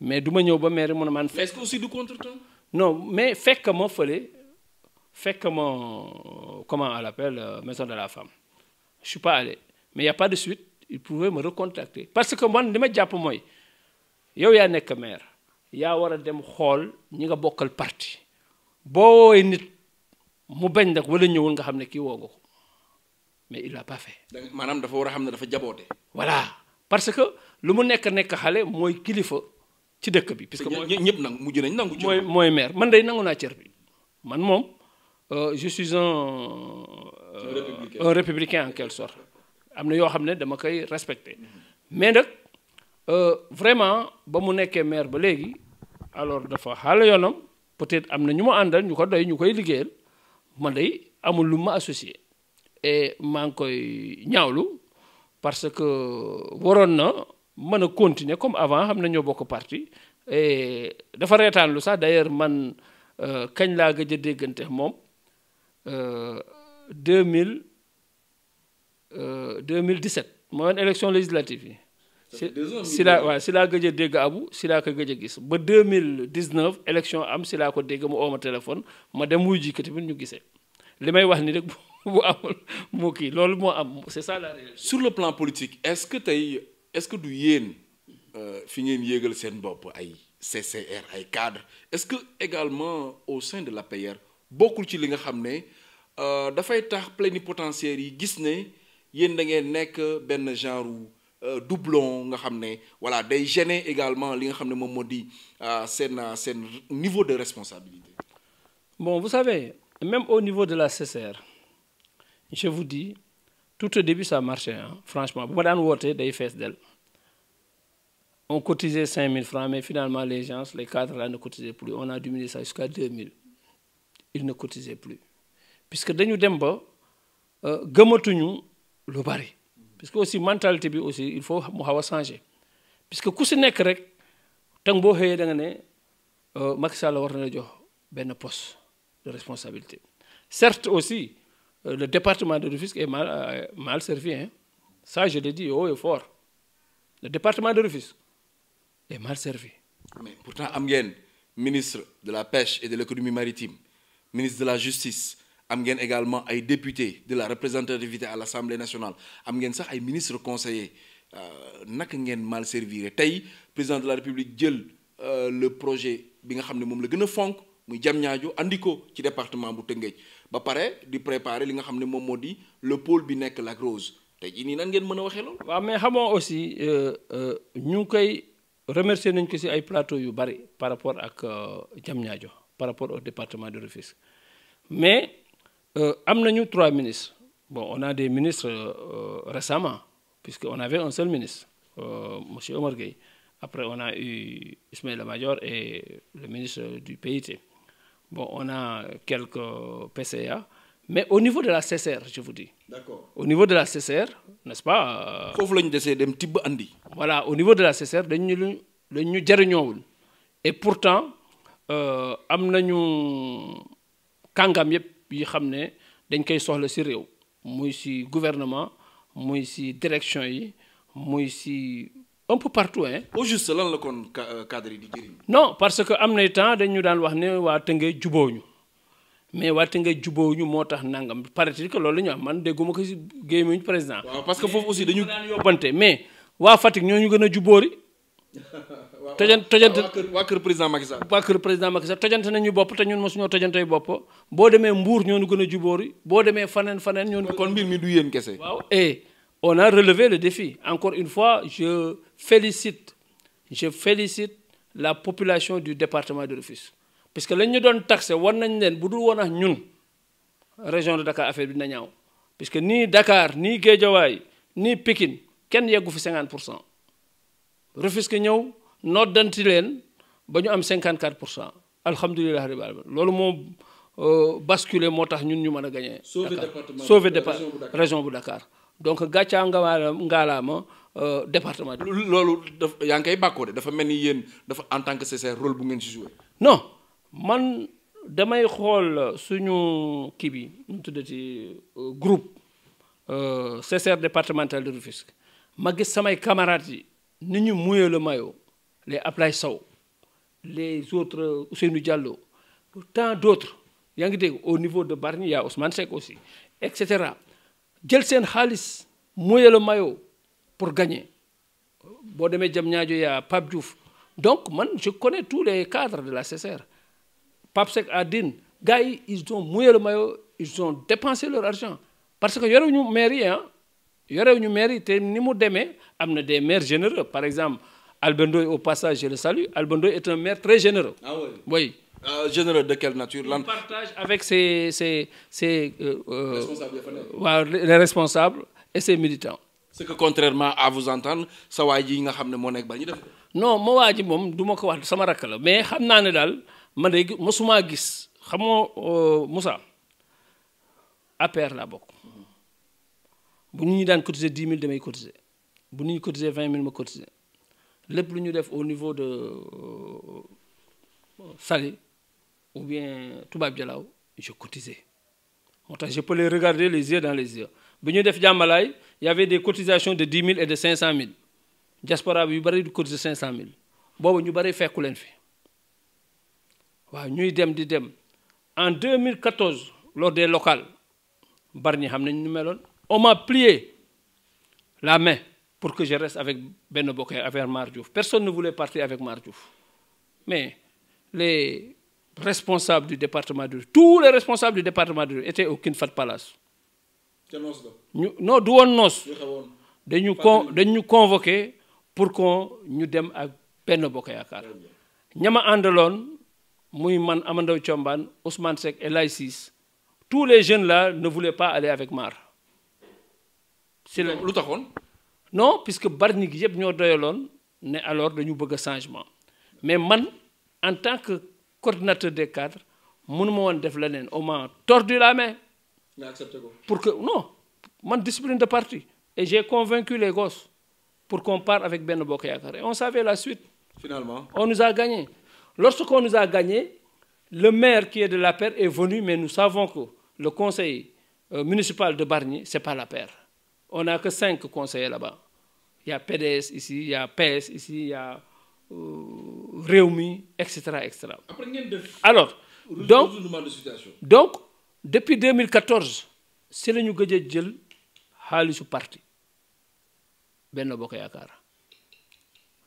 mais du ma ñëw ba mairie mu ne man. est-ce que mais fekk ma fële fekk ma comment on l'appelle euh, maison de la femme je pas allé mais y a pas de suite il pouvait me recontacter parce que man li ma jàpp mooy. yow yaa nekk maire yaa war a dem xool ñi nga bokkal parti boo woowee nit mu bañ nag wala ñëwul nga xam ne kii woo nga ko mais il l'a pas fait. maanaam dafa war a xam ne dafa jaboote. voilà parce que lu mu nekk nekk xale mooy kilifa ci dëkk bi. puisque mooy ñëpp nag mujj nañ nangu. mooy mooy maire man day nangu cër bi man moom euh, je suis un. un républicain en quelque am na yoo xam ne dama koy respecté mais nag. Euh, vraiment ba mu nekkee maire ba léegi alors dafa xaala yoonam peut-être am na ñu ma àndal ñu ko doy ñu koy liggéeyal ma day amul lu ma associé e maa ngi koy ñaawlu parce que waroon na mën a continuer comme avant xam na ñoo bokk parti et dafa reetaan lu sax d'ailleurs man euh, kañ laa gëj a déggante moom 2000 euh, 2017 mooy woon élection législative yi si laa waaw si laa gëj a dégg abu si laa ko gëj a gis ba 2019 élection am si laa ko dégg mu ooma téléphone ma dem wuy ji tamit ñu gisee li may wax ni rek bu amul moo kii loolu moo am c'est sur le plan politique est que tey est-ce que du yéen euh, fi ngeen yéegal seen bopp ay CCR ay cadre est-ce que également au sein de l'APR bokkul ci li nga xam ne euh, dafay tax plénipotentiaires yi gis ne yéen da ngeen nekk benn genre Euh, doublon nga xam ne voilà day gêner également li nga xam ne moom moo di euh, seen euh, seen niveau de responsabilité. bon vous savez même au niveau de la CCR je vous di tout au début ça marchait hein franchement bu ma daan wootee day fees del on cinq mille francs mais finalement les gens les cadres là ne cotisaient plus on a diminué ça jusqu'à 2000 ils ne cotisaient plus puisque dañu dem ba gëmatuñu lu bari. puisque aussi mentalité bi aussi il faut mu xaw a changer que ku si nekk rek tang boo xëyee da nga ne euh, Macky la war na la jox benn post de responsabilité certes aussi euh, le département de Rufisque est mal euh, mal servi hein ça je le dis haut et fort le département de Rufisque est mal servi mais pourtant am ngeen ministre de la pêche et de l'économie maritime ministre de la justice am ngeen également ay députés de la représentativité à l'Assemblée nationale am ngeen sax ay ministres conseillers euh, naka ngeen mal servir tey président de la République jël euh, le projet bi nga xam ne moom la gën a fonk muy Diamniadio andi ko ci département bu Tëngéej ba pare di préparer li nga xam ne moom moo di le pôle bi nekk Lac Rose tey jii nii nan ngeen mën a waxee loolu. waaw mais xamoo aussi euh, ñu koy remercier nañ ko ci ay plateau yu bari par rapport ak Diamniadio par rapport au département de Rufisque mais. Euh, am nañu trois ministres bon on a des ministres euh, récemment puisque on avait un seul ministre euh, monsieur Omar après on a eu Ismaïla Madior et le ministre du PIT bon on a quelques PCA mais au niveau de la CCR je vous dis. au niveau de la CCR n'est-ce pas. foofu la ñu desee dem tibb andi. voilà au niveau de la CCR dañu ñu dañ ñu jariñoowul et pourtant am nañu kàngam yëpp. yi xam ne dañ koy soxla si réew muy si gouvernement muy si direction yi muy si un peu partout hein. au juste lan la kon euh, non parce que am nay temps dañu daan wax ne waa Tëngéej juboo ñu mais waa Tëngéej juboo ñu moo tax nangam paraît-il que loolu la ñu am man dégguma ko ci gémmiñu président. parce que foofu aussi dañu daan mais waa Fatick ñoo ñu gën a jubóori tojant waa kër président Macky Sall waa kër président Macky Sall tojante nañu bopp te ñun mosuñoo tojantey bopp boo demee Mbour ñoo ñu gën a jubóori boo demee faneen faneen ñoo ñu kon mbir mi du yéen kese waaw et on a relevé le défi encore une fois je félicite je félicite la population du département de Rufisque parce que lañ ñu doon taxé war nañ leen bu dul woon ak ñun région de Dakar affaire bi na ñaaw parce que nii Dakar nii Guédiawaye nii Pikine kenn yeggu fi 50 pour cent Rufisque ñëw noddanti leen ba ñu am 54 pour cent alhamdulilah rabbil alamin loolu moo euh, basculé moo tax ñun ñu mën a gagné. sauver département région bu Dakar donc gàccaa nga ngaalaama euh, département bi. loolu daf yaa ngi de dafa mel ni yéen dafa en tant que CCR rôle bu ngeen si joué. non man damay xool suñu kii bi nu mu tuddati euh, groupe CCR départemental de Rufisque ma gis samay camarades yi ni ñu muyee le maillot. les Ablaye Sow les autres Ousseynou Diallo tant d' autres yaa ngi dégg au niveau de Bargny y' a Ousmane aussi et cetera jël seen xaalis mouiller le maillot pour gagner boo demee Diamniadio y' a Pape Diouf donc man je connais tous les cadres de la CCR Pape Seck Adine gars yi ils ont mouillé le maillot ils ont dépensé leur argent parce que yorewuñu maire yi ah yorewuñu maire te ni mu demee am na des maires généreux par exemple. Albendoy, au le salue. Albendoy est un maire très généreux. Ah euh, généreux de quelle nature Il partage avec ses, ses, ses euh, euh responsables, euh, les responsables et ses militants. C'est que contrairement à vous entendre, ça va dire que vous savez ce que Non, moi, je ne sais pas si je suis Mais je sais que je suis un gis. Je euh, sais Moussa, à perdre la boque. Si nous avons cotisé 10 000, je vais cotiser. Si nous avons cotisé 20 000, je cotiser. lépp lu ñu def au niveau de euh, sali ou bien tubaab Dialaw je cotisais moo tax je peux les regarder les yeux dans les yeux bu ñu def jàmbalaay y avait cotisation de dix 000 et de 500 000 diaspora bi yu bëri di cinq cent 000 boobu ñu bëri fekku leen fi waaw ñuy dem di dem en 2014 lors des locales Bargny xam nañ ñu meloon on m'a plié la main pour que je reste avec benn Bokk avec Mar Diouf personne ne voulait partir avec Mar Diouf mais les responsables du département de tous du département de étaient au King Fahd Palace. ñu non du woon noos. dañu con dañu pour que ñu dem ak benn Bokk Yaakaar ñama àndaloon muy man Amandaw Combaan Ousmane et Laye Ciss tous les jeunes la ne voulaient pas aller avec Mar. si lu taxoon. non puisque Bargny gi yëpp ñoo doyaloon ne alors dañu bëgg a changement mais man en tant que coordinateur des cadres mënuma woon def leneen au moins tordu la main. pour que non man discipline de parti. et j'ai convaincu les pour qu'on parte avec Benno Bokk Yaakaar et on savait la suite. finalement on nous a gagné. lorsqu'on nous a gagné le maire qui est de l'APR est venu mais nous savons que le conseil euh, municipal de Bargny c'est pas l'APR. On que cinq conseillers là ba Il y a PDS ici, il y a PS ici, il y a etc., euh, etc. Alors, donc, donc, depuis 2014, c'est le nous gëj jël xaalisu parti benn Bokk Yaakaar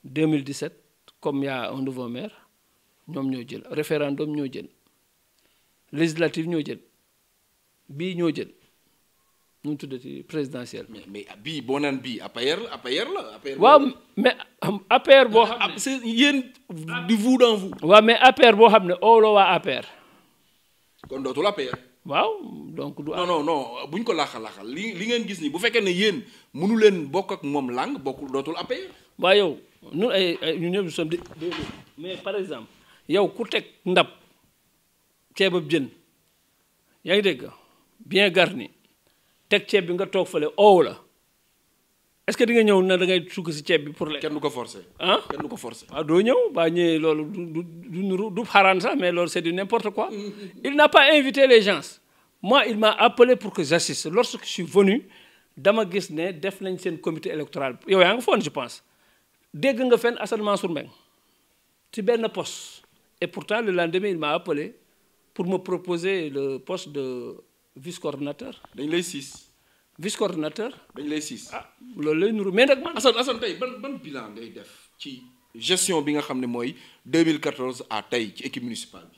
2017 comme y a un nouveau maire ñoom ñoo jël référendum ñoo jël législative ñoo jël bii ñoo jël nu mu tuddati présidentielle. mais mais ah, bii boo naan bii APR la APR la. APR waaw mais APR boo. xam ah, ne ah, c'est yéen mais APR boo xam ne ooloo waa APR. kon dootul APR. waaw donc du. non non bu ko laaxal li li ngeen gis nii bu fekkee ne yéen mënu leen bokk ak moom làng bokkul dootul APR. waaw yow ñun ay ñu ñun ñëpp nous sommes mais par exemple yow ku teg ndab ceebab jën yaa ngi dégg bien garni teg ceeb bi nga toog fële oow la est-ce que di nga ñëw na da ngay sukk si ceeb bi pour le kenn du ko forcer. ah kenn ko forcer. waaw doo ñëw baa ñëwee loolu du du nuru du xaraan sax mais loolu c'est du n'importe quoi. il n'a pas invité les gens. moi il m'a appelé pour que j'assiste lorsque je suis venu dama gis ne def nañ seen comité électoral yow yaa nga foon je pense dégg nga fen Assane Mansour Mbengue ci benn poste et pourtant le lendemain il m'a appelé pour ma proposer le poste de vice coordonnateur. dañ lay siis. vice coordonnateur. dañ lay siis ah loolu mais nag man. Assane Assane tey ban ban bilan ngay def ci gestion bi nga xam ne mooy deux 2014 à tey ci équipe municipale bi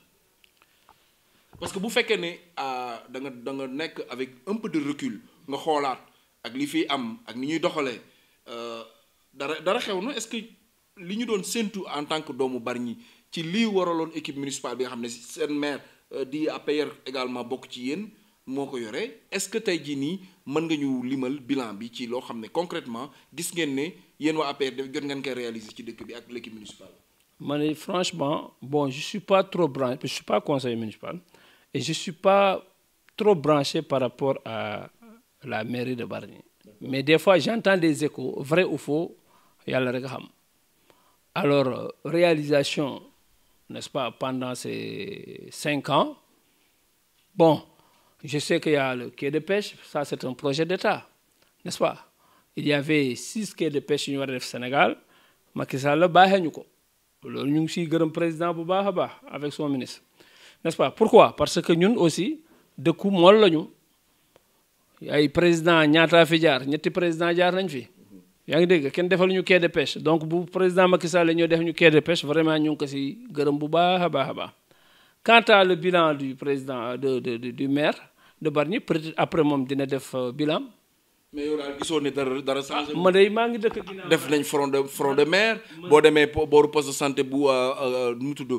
parce que bu fekkee ne ah, da nga da nekk avec un peu de recul nga xoolaat ak li fi am ak ni ñuy doxalee euh, dara dara xew na est-ce que li ñu doon séntu en tant que doomu ñi ci li waraloon équipe municipale bi nga xam ne seen maire euh, di APR également bokk ci yéen moo ko yore est-ce que tey jii nii. mën nga ñu limal bilan bi ci loo xam ne concrètement gis ngeen ne yéen waa APR def jot ngeen koy réaliser ci dëkk bi ak l'équipe municipale ma ne franchement bon je suis pas trop branché je suis pas conseiller municipal et pas trop branché par rapport à la mairie de Bargny mais des fois j'entends des échos vrai ou faux yàlla rek a xam alors euh, réalisation n'est-ce pas pendant cinq ans bon Je sais qu'il y a le un projet d'État, n'est-ce pas? Il y avait six quais de pêche yu ñu war a def Sénégal Macky Sall la baaxee ñu ko loolu ñu ngi siy gërëm président bu baax a baax avec son ministre n'est-ce pas pourquoi parce que ñun aussi dëkku mool lañu ay président ñaataa fi jaar ñetti président jaar nañ fi yaa ngi dégg kenn defal ñu quai de pêche donc bu président Macky Sall la ñoo def ñu quai de pêche vraiment ñu ngi ko si gërëm bu baax a baax a baax quant à le bilan du président euh, de, de, de du maire de Bargny peut après moom dina def euh, bilan. mais yow daal dara dara changé. Ah, ma day maa ngi dëkk def nañ front de front de ah, mer. boo demee booru poste de santé bu euh, euh, nu mu tudd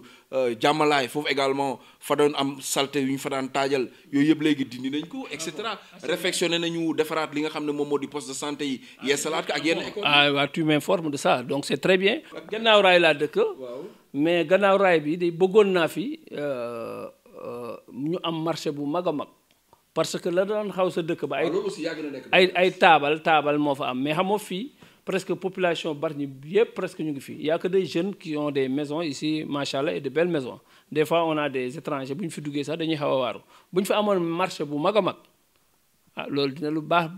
jàmmalaay foofu également fa doon am saleté yu ñu fa daan taajal yooyu yëpp léegi dindi nañ ko et cetera. Ah réfectionné nañu defaraat li nga xam ne moom moo di poste de santé yi yeesalaat ko ak yenn école. ah waaw tu m'informes de sa donc c'est très bien. gannaaw raay laa dëkk. mais gannaaw raay bi day bëggoon naa fi ñu am marché bu mag a mag. parce que la doon xaw sa dëkk ba ay ah, ay ay taabal taabal moo fa am mais xam nga fii presque population Bargny yëpp presque ñu ngi fii y a que des jeunes qui ont des maisons ici macha allah et de belles maisons des fois on a des étrangers bu ñu fi duggee sax dañuy xaw a waaru bu ñu fa amoon marché bu mag a mag ah loolu dina lu baax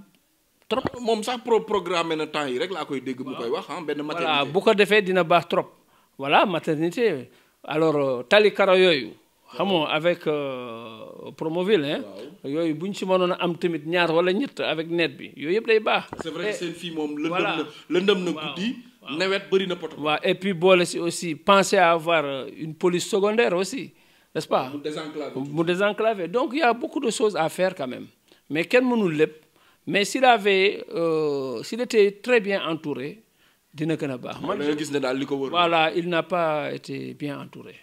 trop. Ah, moom sax pro programme na temps yi rek laa koy dégg. mu koy wax ah benn maternité. bu ko defee dina baax trop. voilà maternité alors euh, tali karo yooyu. xamoo avec euh, Promoville hein yooyu bu ñu si mënoon a am tamit ñaar wala ñett avec net bi yooyu yëpp day baax. fii moom. voilà lëndëm na lëndëm na guddi. nawet bëri na poto. waaw et puis boole si aussi penser à avoir euh, une police secondaire aussi n'est-ce pas. mu désenclaver mu donc il a beaucoup de choses à faire quand même mais kenn mënul lépp mais s'il avait euh, s'il était très bien entouré dina gën a baax. man gis ne daal li ko wër. voilà il n'a pas été bien entouré.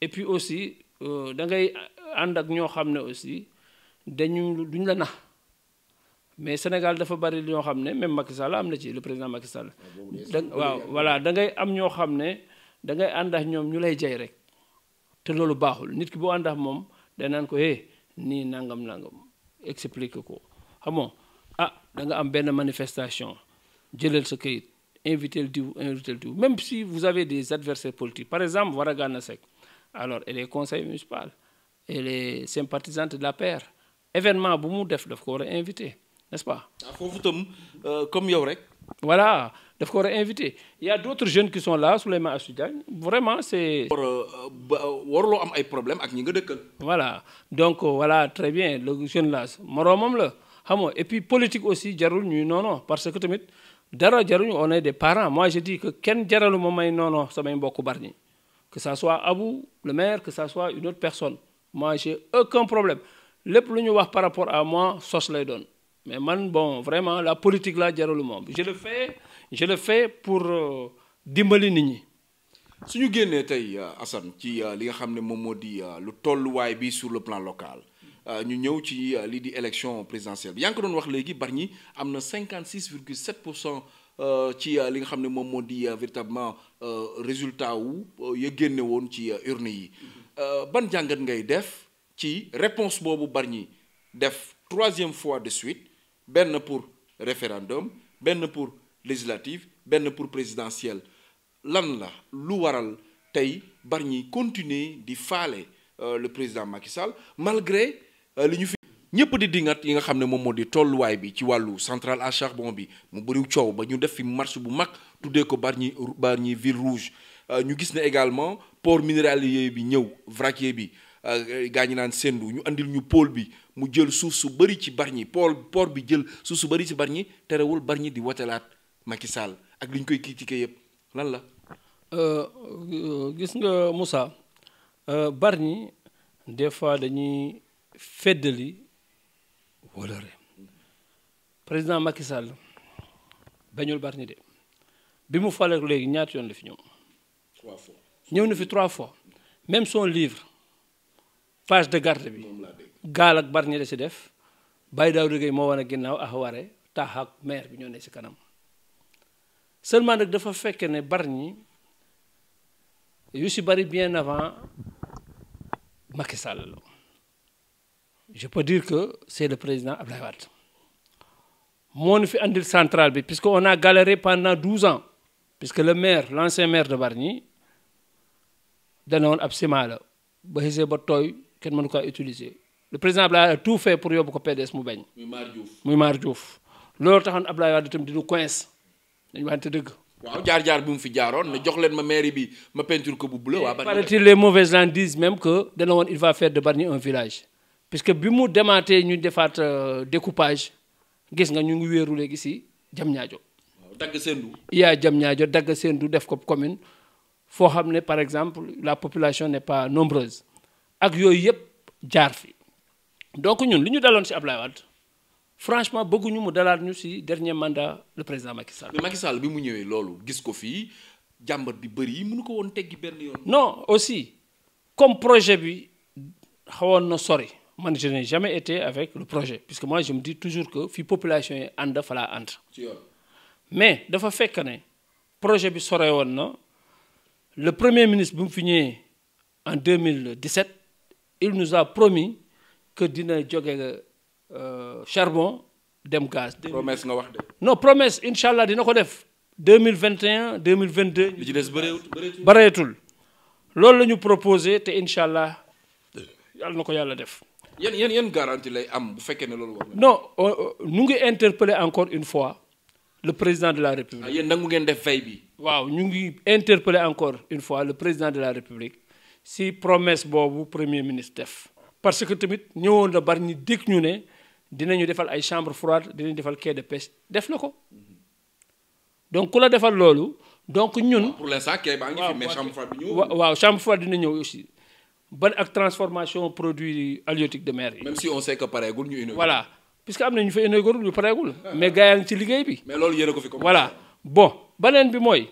et puis aussi. Euh, da ngay ànd ak ñoo xam ne aussi dañu duñ la nax mais Sénégal dafa bari ñoo xam ne même Macky Sall am na ci le président Macky Sall. Ah, da waaw voilà da am ñoo xam ne da ngay ànd ak ñoom ñu lay jay rek te loolu baaxul nit ki boo ànd ak moom day naan ko eh nii nangam nangam explique ko xam nga ah da am benn manifestation jëlal sa këyit invité diw invité diw même si vous avez des adversaires politiques par exemple war Waragana Seck alors elle est conseil municipal elle est sympathisante de la paire événement bu mu def def ko war a invité n'est-ce pas. Ah, foofu itam euh, comme yow rek. voilà def ko war a invité il y a d'autres jeunes qui sont là Souleymane Assou Diagne vraiment c'est. Euh, waruloo am ay problème ak ñi nga dëkkal. voilà donc wala euh, très bien le jeune là moroomam la xam nga et puis politique aussi jarul ñuy non parce que tamit dara jaruñu on est des parents moi je dis kenn jaralu ma may noono non samay mbokku bari ñi que sa soit abu le maire que ça soit une autre personne ma j'ai aucun problème lépp lu ñu wax par rapport à moi sos lay doon mais man bon vraiment la politique laa jaralu moom je le fais je le fais pour euh, dimbali nit ñi su ñu génnee tey euh, Assane ci euh, li nga xam ne moom moo di lu tolluwaay bi sur le plan local ñu ñëw ci lii di élection présidentielle bi ngi ko doon wax léegi ñi am na 56 virgule 7 pour cent Euh, ci euh, li nga xam ne moom moo di euh, véritablement résultat wu ya génne woon ci urne yi ban jàngat ngay def ci réponse boobu Bargny def troisième fois de suite benn pour référendum benn pour législative benn pour présidentielle lan la lu waral tey Bargny continuer di faale le président Macky Sall malgré li ñu fi ñëpp di dingat yi nga xam ne moom moo di tolluwaay bi ci wàllu centrale à charbon bi mu bëriw coow ba ñu def fi mars bu mag tuddee ko Bargny Bargny ville rouge euh, ñu gis ne également port minéralier bi ñëw vraquier bi euh, gaa ñi naan sendu ñu andil ñu pôle bi mu jël suuf su bëri ci Bargny pôle port bi jël suuf su bëri ci Bargny terewul Bargny di watelaat Macky Sall ak li ñu koy critiquer yëpp lan la. Euh, gis nga Moussa Bargny des fois dañuy feddali. wóolóore président Macky Sall bañul Bargny de bi mu faleek léegi ñaati yoon la fi ñëw ñëw na fi trois fois même son livre page de garde bi gaal ak Bargny la si def Baye Daouda Gueye moo wane ginnaaw ak ware taax ak maire bi ñoo nee si kanam seulement nag dafa fekke ne Bargny yu si bari bien avant Macky je peux dire que c'est le président Ablaye Wade moo nu fi andil centrale bi puisque on a galéré pendant 12 ans puisque le maire l'ancien maire de Bargny dana woon ab ciment la ba xisee ba tooy kenn mënu ko utiliser le président Ablaye Wade a tout fait pour yóbbu ko PDS mu bañ. muy Mar Diouf muy Mar Diouf loolu taxoon Ablaye Wade itam di du coince dañu waxante dëgg. waaw jaar-jaar bi mu fi jaaroon ne jox leen ma mairie bi ma peinture ko bu bleu. waa Bargny paraît-il les que dana woon il va faire un village. parce que bi mu demaatee ñu defaat euh, découpage gis nga ñu ngi wéeru léegi si Diamniadio. dagg Sendou. yaa Diamniadio dagg Sendou def ko commune foo xam ne par exemple la population n'est pas nombreuse ak yooyu yëpp jaar fi donc ñun li ñu daloon si Ablaye Wade franchement bëgguñu mu dalaat ñu si dernier mandat le président Macky Sall. mais Sall bi mu ñëwee loolu gis ko fii jàmbat bi bëri yi mënu ko woon teggi benn yoon. non aussi comme projet bi xawoon na sori. man je n'ai jamais été avec le projet puisque moi je di dis toujours que fi population yi ànd fa laa mais dafa fekk ne projet bi sore woon na le premier ministre bu mu fi ñëwee en 2017 il nous a promis que dina jóge euh, charbon dem gaz. promesse nga wax de. non promesse incha allah dina ko def. 2021 2022. li ci des bëreetul. bëreetul loolu la ñu proposé te incha allah yàlla na ko yàlla def. yan yan yan garantie lay am bu fekkee ne loolu. non ñu euh, euh, ngi interpeller encore une fois le président de la république. Ah, yéen mu ngeen def fay bi. waaw ñu ngi interpeller encore une fois le président de la république si promesse boobu premier ministre def. parce que tamit ñëwoon na bari ñu dégg ñu ne dinañu defal ay chambre froide dinañu defal quai de pêche def na ko donc ku la defal loolu. donc ñun ah, pour l'instant quai baa ngi waaw chambre froide dina ñëw ban ak transformation produit halieutique de mer yi. même si on sait que pareegul ñu inauguré. voilà puisque am na ñu fa inauguré ñu pareegul. mais gars yaa ngi ci liggéey bi. mais loolu yéen ko fi commencé. voilà bon beneen bi mooy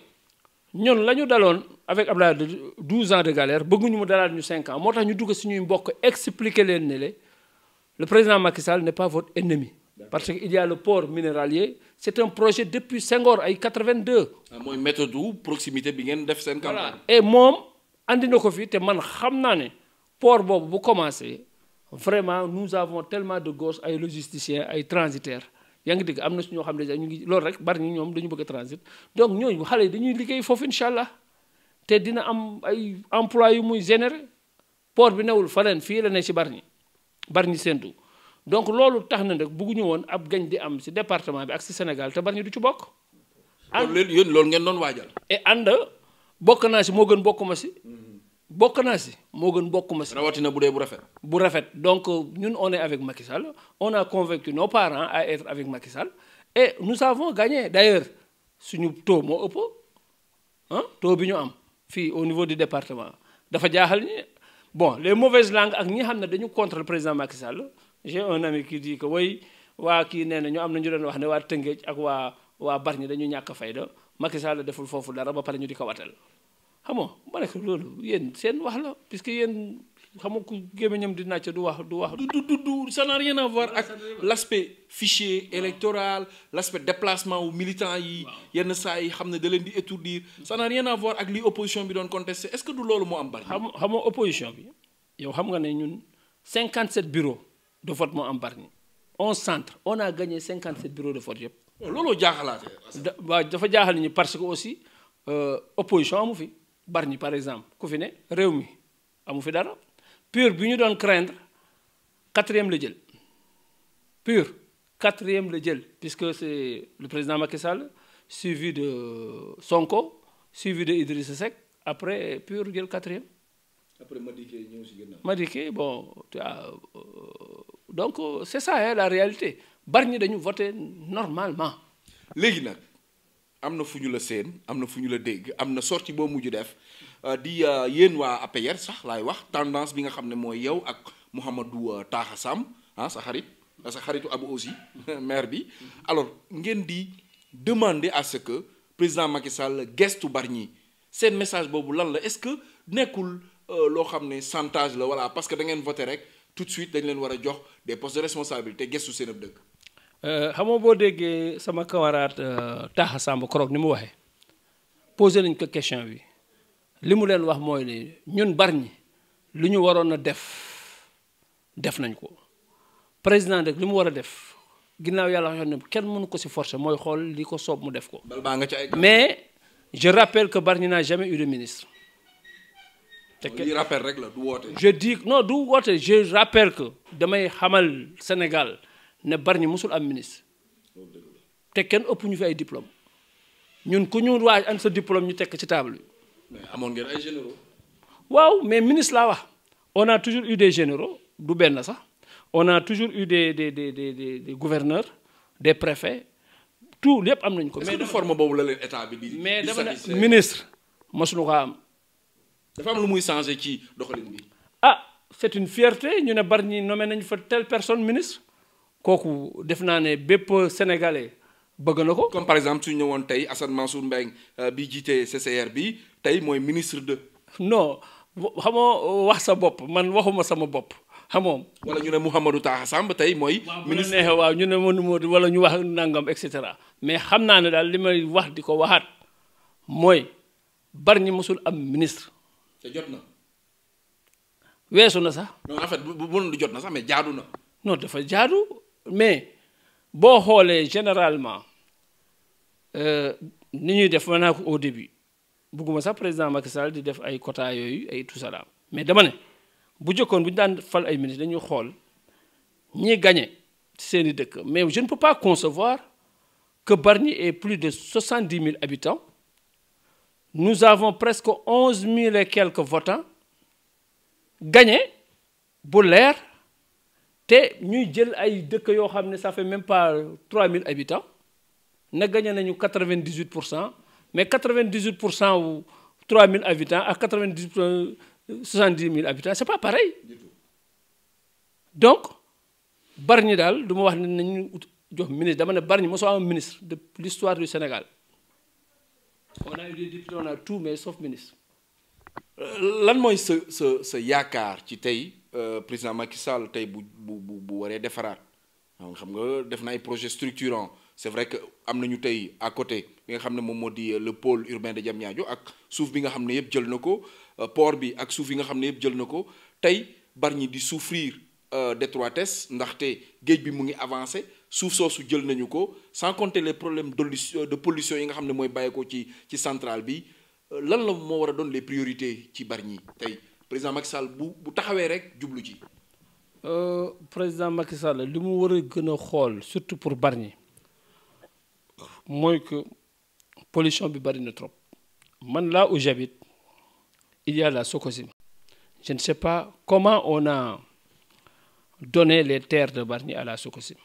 ñun la ñu daloon avec Abdoulaye Wade 12 ans de galère bëgguñu mu dalaat ñu 5 ans moo tax ñu dugg ñuy mbokk expliquer leen ne le le président Macky Sall n'est pas votre ennemi. parce que il y a le port minéralier c' est un projet depuis Senghor ay 82. Ah, mooy méthode proximité bi ngeen def seen. campagne et moom. andi na ko fii te man xam naa ne port boobu bu commencé vraiment nous avons tellement de gosses ay logisticiens ay transitaires yaa ngi dégg am na si ñoo xam ne ñu ngi loolu rek bari ñi ñoom dañu bëgg a transit donc ñooñu xale yi dañuy liggéey foofu incha allah te dina am ay emploi yu muy générer port bi newul faneen fii la ne si ñi Bargny Bargny Sendou donc loolu tax na nag bëgguñu woon ab gañ di am si département bi ak si Sénégal te Bargny du ci bokk. ànd loolu yéen loolu ngeen doon waajal. bokk naa si moo gën bokk ma si. Mm-hmm. bokk naa si moo gën bokk ma si. rawatina bu dee bu rafet. bu rafet donc ñun on avec Macky Sall on a convaincu nos parents à être avec Macky Sall et nous avons gagné d' suñu taux moo ëpp ah bi ñu am fii au niveau de département dafa jaaxal ñi bon les mauvaises langues ak ñi xam ne dañu contre président Macky Sall j'ai un ami qui dit que waa kii nee na ñu am na ñu doon wax ne waa Tëngéej ak waa waa Bargny dañu ñàkk fayda Macky Sall deful foofu dara ba pare ñu di ko watal xam nga ma nekk loolu yéen seen wax la puisque yéen xam nga ku gémmiñam di nàcc du wax du wax du du du ça n'a ak l' aspect fichier électoral l' aspect wu militant yi yenn saa yi xam ne da leen di étourdir ça n'a rien à voir li opposition bi doon contesté est ce que du loolu moo am bari xam xam bi yow xam nga ne ñun 57 bureaux de vote moo am bari 11 centres on a gagné 57 bureaux de vote yëpp looloo jaaxalaate. waaw dafa jaaxal ñu parce que aussi euh, opposition amu fi ñi par exemple ku fi ne réew mi amu fi dara pur bi ñu doon craindre quatrième la jël pur quatrième la jël puisque c'est le président Macky Sall suivi de Sonko suivi de Idrissa Seck après pur jël quatrième. après Madické bon tu euh, donc c'est ça hein, la réalité. bari ñi dañu voté normalement. léegi nag am na fu ñu la seen am na fu ñu la dégg am na sortie boo mujj def euh, di euh, yéen waa APR sax laay wax tendance bi nga xam ne mooy yow ak Mouhamadou euh, Taha Sam ah sa xarit sa xaritu abu aussi maire bi alors ngeen di demander à ce que président Macky Sall gestu bari ñi seen message boobu lan la est-ce que nekkul loo xam ne chantage la voilà parce que da ngeen voté rek tout de suite dañ leen war a jox des postes de responsabilité gestu seen ab dëkk. Euh, xamoo boo déggee sama kawaraat euh, Taha Samb Korog ni mu waxee posé nañ ko question bi li mu leen wax mooy ne ñun Bargny lu ñu waroon a def def nañ ko président rek li mu war a def ginnaaw yàlla wax ne kenn mënu ko si forcer mooy xool li ko soob mu def ko. mais je rappelle que Bargny naa jamais eu de ministre. te li rappel rek la du woote. je dis non du woote je rappelle que damay xamal Sénégal. ne bari Bargny musul am ministre te kenn ëpp ñu fi ay diplôme ñun ku ñu waaj am sa diplôme ñu tekk ci table bi. mais ngeen ay généraux. waaw mais ministre laa wax on a toujours eu des généraux du benn sax on a toujours eu des des des des des gouverneurs des préfets tout lépp am nañu ko. mais de forme boobu la leen état bi di mais dama ministre masuñu ko am. dafa am lu muy changé ci doxalin bi. ah c'est une fierté ñu ne Bargny nommé nañu fa tel personne ministre. kooku def naa ne bépp sénégalais bëgg na ko. comme par exemple su ñu ñëwoon tey Assane Mansour Mbengue euh, bi jiite CCR bi tey mooy ministre de. non xamoo wax sa bopp man waxuma sama bopp xamoom wala ñu ne Mouhamadou Taha Samb tey mooy. ministre neexee ñu ne man wala ñu wax nangam et cetera mais xam naa ne daal li may wax di ko waxaat mooy bari ñi mosul am ministre. te na. weesu na sax. non en bu bu jot na sax mais jaadu na. non dafa jaadu mais boo xoolee généralement euh, ni ñuy def ma naa ko au début bugguma sax président Macky Sall di def ay quota yooyu ay tout ça mais dama ne bu jëkkoon bu ñu daan fal ay ministre dañuy xool ñi gañe seen i dëkk mais je ne peux pas concevoir que Bargny ait plus de 70 000 habitants nous avons presque 11 000 et quelques votants gagnés bu leer te ñuy jël ay dëkk yoo xam ne ça fait même pas 3000 habitants na gagné nañu 98 pour cent mais 98 pour cent wu 3000 habitants ak 98 pour cent 70 euh, 000 habitants c'est pas pareil donc Bargny daal du ma wax ne nañu jox ministre dama ne Bargny mosoo am ministre de l'histoire du Sénégal a eu des députés on a tout mais sauf ministre. Euh, lan mooy sa sa sa yaakaar ci tey. Euh, président Macky Sall tey bu bu bu bu waree defaraat donc xam nga def na ay projet structurant c'est vrai que am nañu tey à côté bi nga xam ne moom moo di euh, le pôle urbain de Diamniadio ak suuf bi nga xam ne yëpp jël na ko euh, port bi ak suuf yi nga xam ne yëpp jël na ko tey ñi di souffrir d'étroitesse ndaxte géej bi mu ngi avancé suuf soosu jël nañu ko sans compter les problèmes de pollution yi nga xam ne mooy bàyyeekoo ci ci centrale bi lan la moo war a doon les priorités ci Bargny tey. président Macky Sall bu bu taxawee rek jublu ci. Euh, président Macky Sall li mu war a gën a xool surtout pour Bargny mooy que pollution bi bari na trop. man la où j'habite il y a la Sococim. je ne sais pas comment on a donné les terres de Bargny à la Sococim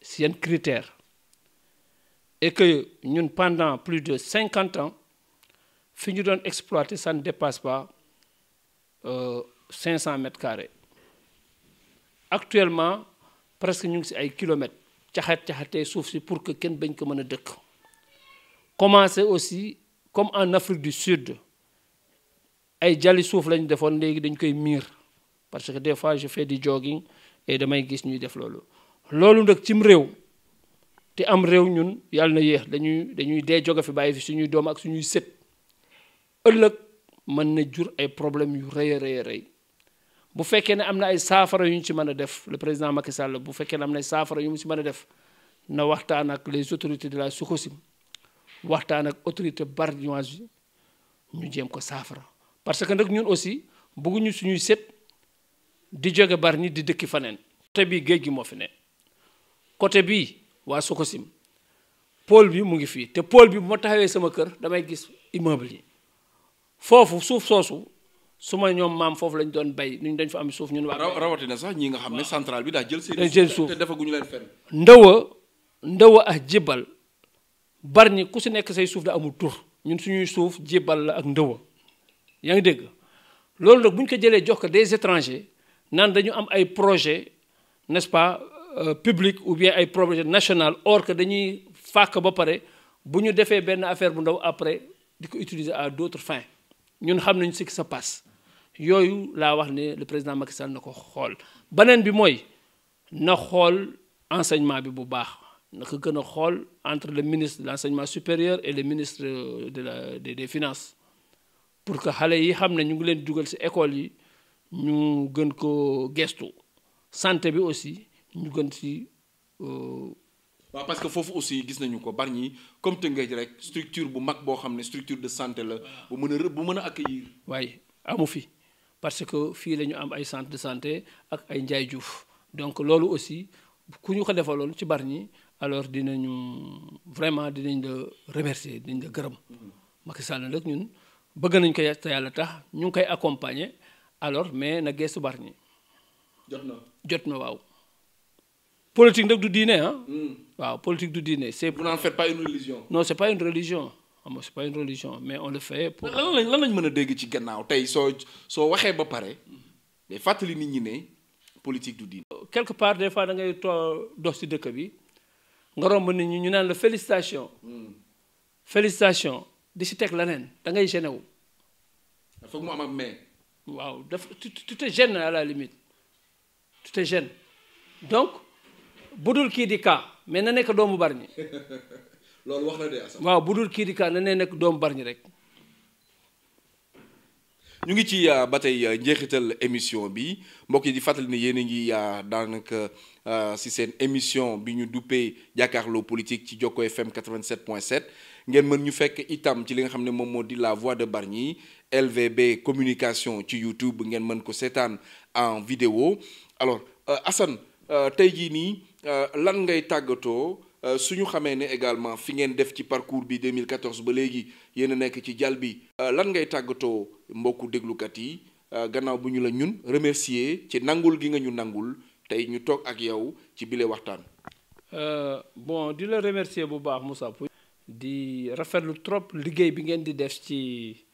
c'est un critère et que ñun pendant plus de cinquante ans fi ñu doon exploiter ça ne Euh, cinq cent mètres carrés actuellement presque ñu ngi si ay kilomètres caxat-caxatee suuf si pour que kenn bañ ko mën a dëkk commencé aussi comme en Afrique du Sud ay jali suuf lañu defoon léegi dañ koy miir parce que des fois je di du jogging et damay gis ñuy def loolu loolu nag cim réew te am réew ñun yàlla na yéex dañuy dañuy dee jóge fi bàyyi fi suñuy doom ak suñuy sët ëllëg mën na jur ay problème yu rëy a rëy bu fekkee ne am na ay saafara yu ñu ci mën a def le président Macky Sall bu fekkee ne am na ay saafara yu mu ci mën a def na waxtaan ak les autorités de la Sococim waxtaan ak autorité bardinoise yi ñu jéem ko saafara parce que nag ñun aussi bëgguñu suñuy set di bari Bargny di dëkki faneen côté bii géej gi moo fi ne côté bii waa Sococim pôle bi mu ngi fii te pôle bi bu ma taxawee sama kër damay gis immeuble yi foofu suuf soosu su ma ñoom maam foofu lañ doon bay ñu dañ fa am suuf ñun. waaw rawatina sax ñi nga xam ne centrale bi daa jël. seen suuf te defaguñu leen fenn. ndawa ndawa ak jibal bari ni ku si nekk say suuf da amul tur ñun suñuy suuf jibal la ak ndawa yaa ngi dégg loolu nag bu ñu ko jëlee jox ko des étrangers naan dañu am ay projet n'est-ce pas euh, public ou bien ay projet national or que dañuy fàkk ba pare bu ñu defee benn affaire bu ndaw après di ko utiliser à d'autres fins. ñun xam nañu ce qui pass yooyu laa wax ne le président Macky Sall na ko xool beneen bi mooy na xool enseignement bi bu baax na ko gën a xool entre le ministre de l'enseignement supérieur et le ministre de la des finances pour que xale yi xam na ñu ngi leen dugal ci école yi ñu gën ko gestu santé bi aussi ñu gën ci euh, waaw parce que foofu aussi gis nañu ko Bargny comme Tëngéej rek structure bu mag boo xam ne structure de santé la bu mën a bu mën a accueillir. waaye amu fi parce que fii lañu am ay centre de santé ak ay Njaay Juuf donc loolu aussi ku ñu ko defaloon ci Bargny alors dina ñu vraiment dinañ la remercier dinañ la gërëm. Macky Sall nag ñun bëgg nañ ko te yàlla tax ñu ngi koy accompagner alors mais na gestu Bargny. jot na jot na waaw. politique nag du diine ah. Hmm. waaw politique du diine c' est. vous n'en faites pas une religion. non c' ah, pas une religion mais on le fait pour. lan lañ lan mën a dégg ci gannaaw tey soo soo waxee ba pare mais fàttali nit ñi ne politique du diine. quelque part des fois da ngay too dox ci dëkk bi nga romb nit ñi ñu naan la félicitation. Hmm. félicitation di si teg leneen da ngay gêné wu. foog mu am ak mais. waaw def tu te gênes à la limite tu te bu dul kii di kaa mais na nekk doomu Bargny loolu wax na de waaw bu dul kii di kaa na ne nekk doomu Bargny rek ñu ngi ci euh, ba tey euh, njeexital émission bi mbokk yi di fàttali ne yéen a ngi euh, daanaka si seen émission bi ñu duppee jàkkaarloo politique ci Jokko FM 87.7 ngeen mën ñu fekk itam ci li nga xam ne moom moo di la voix de Bargny LVB communication ci YouTube ngeen mën ko seetaan en vidéo alors asan tey jii nii. Euh, lan ngay tàggatoo euh, suñu xamee ne également fi ngeen def ci parcours bi 2014 ba léegi yéen a nekk ci jal bi euh, lan ngay tàggatoo mbokku déglukat yi gannaaw bu ñu la ñun remercier ci nangul gi nga ñu nangul tey ñu toog ak yow ci bile waxtaan. bon di la remercier bu baax musa Pouy di rafetlu trop liggéey bi ngeen di def ci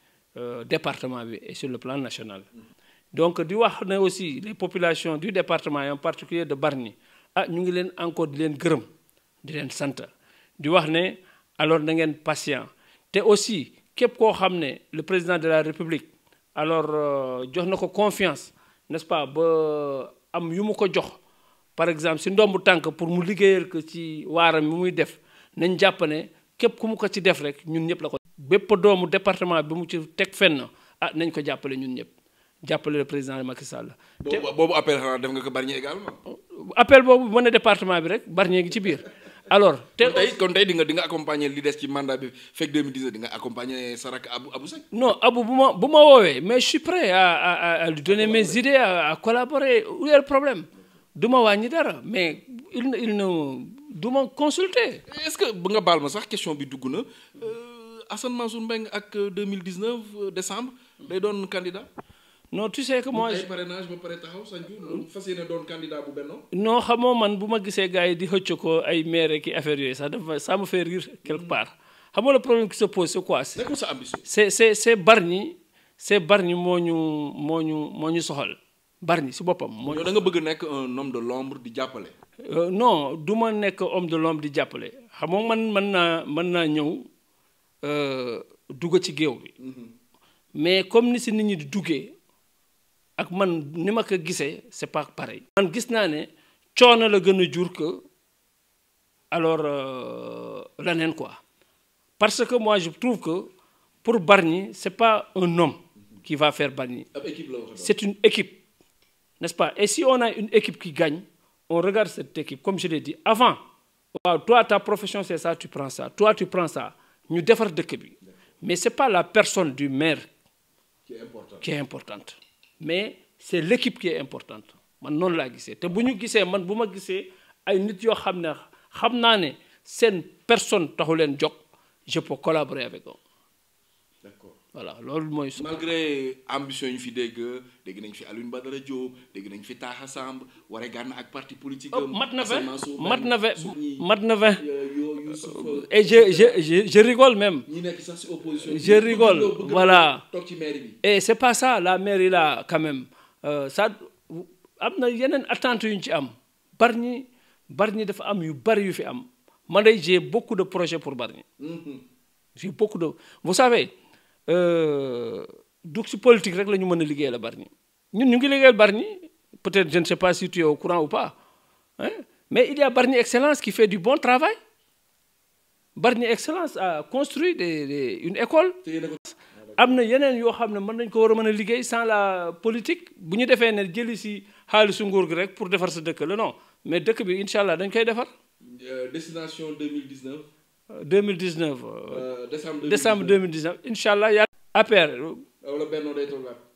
département bi et sur le plan national. Mm-hmm. donc di wax ne aussi les populations du département et particulier de Bargny. ah ñu ngi leen encore di leen gërëm di leen sant di wax ne alors na ngeen patient te aussi képp koo xam ne le président de la république alors euh, jox na ko confiance n'est-ce pas ba am yu mu ko jox par exemple si bu tànk pour mu liggéeyal ko ci waaram mi muy def nañ jàpp ne képp ku mu ko ci def rek ñun ñëpp la ko bépp doomu département bi mu ci teg fenn ah nañ ko jàppale ñun ñëpp jàppale le président Macky Sall. te boobu appel xanaa def nga ko Bargny également. appel boobu mën na département bi rek Bargny ngi ci biir. alors te kon tey kon tey di nga di accompagner li des ci mandat bi fekk 2019 di nga accompagner Sarak Abou Abou Seck. non bu ma bu ma woowee mais je suis prêt à à mes idées à collaborer où est problème du ma wàññi dara mais il ne il ne du ma consulter. est-ce que ba nga baal ma sax question bi dugg na euh, Assane Mansour Mbengue ak 2019 euh, décembre day doon candidat. non tu sais que moi. ay parrainage ba pare xamoo man bu ma gisee gars yi di xëcc ko ay maire ki affaire yooyu sax dafa ça me fait rire quelque part. xam nga le problème qui se pose c'est quoi. c'est quoi sa ambition. c'est moo ñu moo ñu moo ñu soxal Bargny si boppam. moo ñu da bëgg nekk un homme de l'ombre di jàppale. Euh, non du ma nekk homme de l'ombre di jàppale xam nga man mën naa mën naa ñëw euh, dugg ci géew bi mhm. mais comme ni si nit ñi di duggee. man ni ma ko gisee c'est pas pareil. man gis naa ne coono la gën a jur que alors euh, leneen quoi parce que moi je trouve que pour Bargny c'est pas un nom qui va faire Bargny. c'est une équipe n'est-ce pas et si on a une équipe qui gagne on regarde cette équipe comme je l'ai dit avant. waaw toi ta profession c'est ça tu prends ça toi tu prends ça ñu defar dëkk bi mais c'est pas la personne du maire qui est importante. mais c'est l'équipe qui est importante man noonu laa gisee te bu ñu gisee man bu ma gisee ay nit yoo xam ne xam naa ne seen personne taxu leen jóg je peux collaborer avec eux voilà loolu mooy. malgré ambition ñu fi dégg dégg nañ fi Alioune Badara Diop dégg nañ fi Taha Samb waree gànn ak parti politique. Oh, mat na vingt mat na vingt mat na vingt et je je je même. ñi nekk sax ci opposition. je voilà toog ci mairie bi. et c'est pas ça la mairie là quand même euh, ça am na yeneen attentes yu ñu ci am. Bargny Bargny dafa am yu bari yu fi am man day j'ai beaucoup de projet pour Bargny. Mm-hmm. j'ai beaucoup de vous savez. Euh, du si politique rek la ñu mën a liggéey la Bargny ñun ñu ngi liggéeyal barni peut-être je ne pas si tu es au courant ou pas mais il y a Bargny Excellence qui fait du bon travail barni Excellence a construit des, une école. am na yeneen yoo xam ne mën nañ ko war a mën a liggéey sans la politique bu ñu defee ne jëli si xaalisu nguur gi rek pour defar sa dëkk la non mais dëkk bi incha allah dañ koy defar. Euh, destination 2019. deux mille dix neuf. Euh, euh, décembre deux mille dix neuf incha allah yàlla. APR.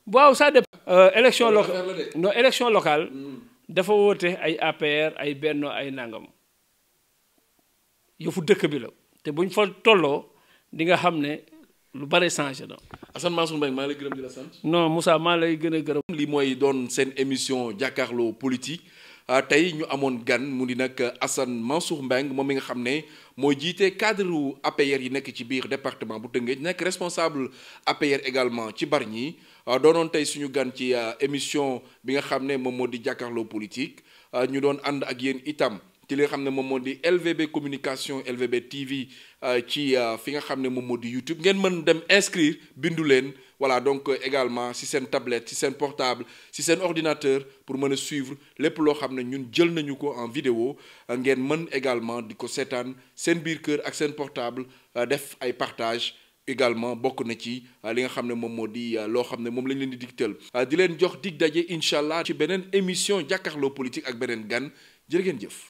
waaw ça dépend. Euh, élection locale hmm. dafa woote ay APR ay Benno ay nangam. yëfu dëkk bi la te buñ fa tolloo di nga xam ne lu bare changé no Assane Mansour Mbengue maa lay lay gën a gërëm. lii mooy doon seen émission jàkkaarloo politique. Euh, tey ñu amoon gan mu di nag Assane Mansour Mbengue moom mi nga xam ne mooy jiitee cadre APR yi nekk ci biir département bu Tëngéej nekk responsable APR également ci Bargny euh, doonoon tey suñu gan ci euh, émission bi nga xam ne moom moo di jàkkaarloo politique ñu doon ànd ak yéen itam ci li nga xam ne moom moo di LVB communication LVB TV ci fi nga xam ne moom moo di YouTube ngeen mën dem inscrire bindu leen. voilà donc euh, également si seen tablette ci seen portable si seen ordinateur pour mën a suivre lépp loo xam ne ñun jël nañu ko en vidéo euh, ngeen mën également di ko seetaan seen biir kër ak seen portable euh, def ay partage également bokk na ci li nga xam ne moom moo di loo xam ne moom lañ leen di digtal di leen jox dig daje incha allah ci beneen émission jàkkaarloo politique ak beneen gan jërë ngeen jëf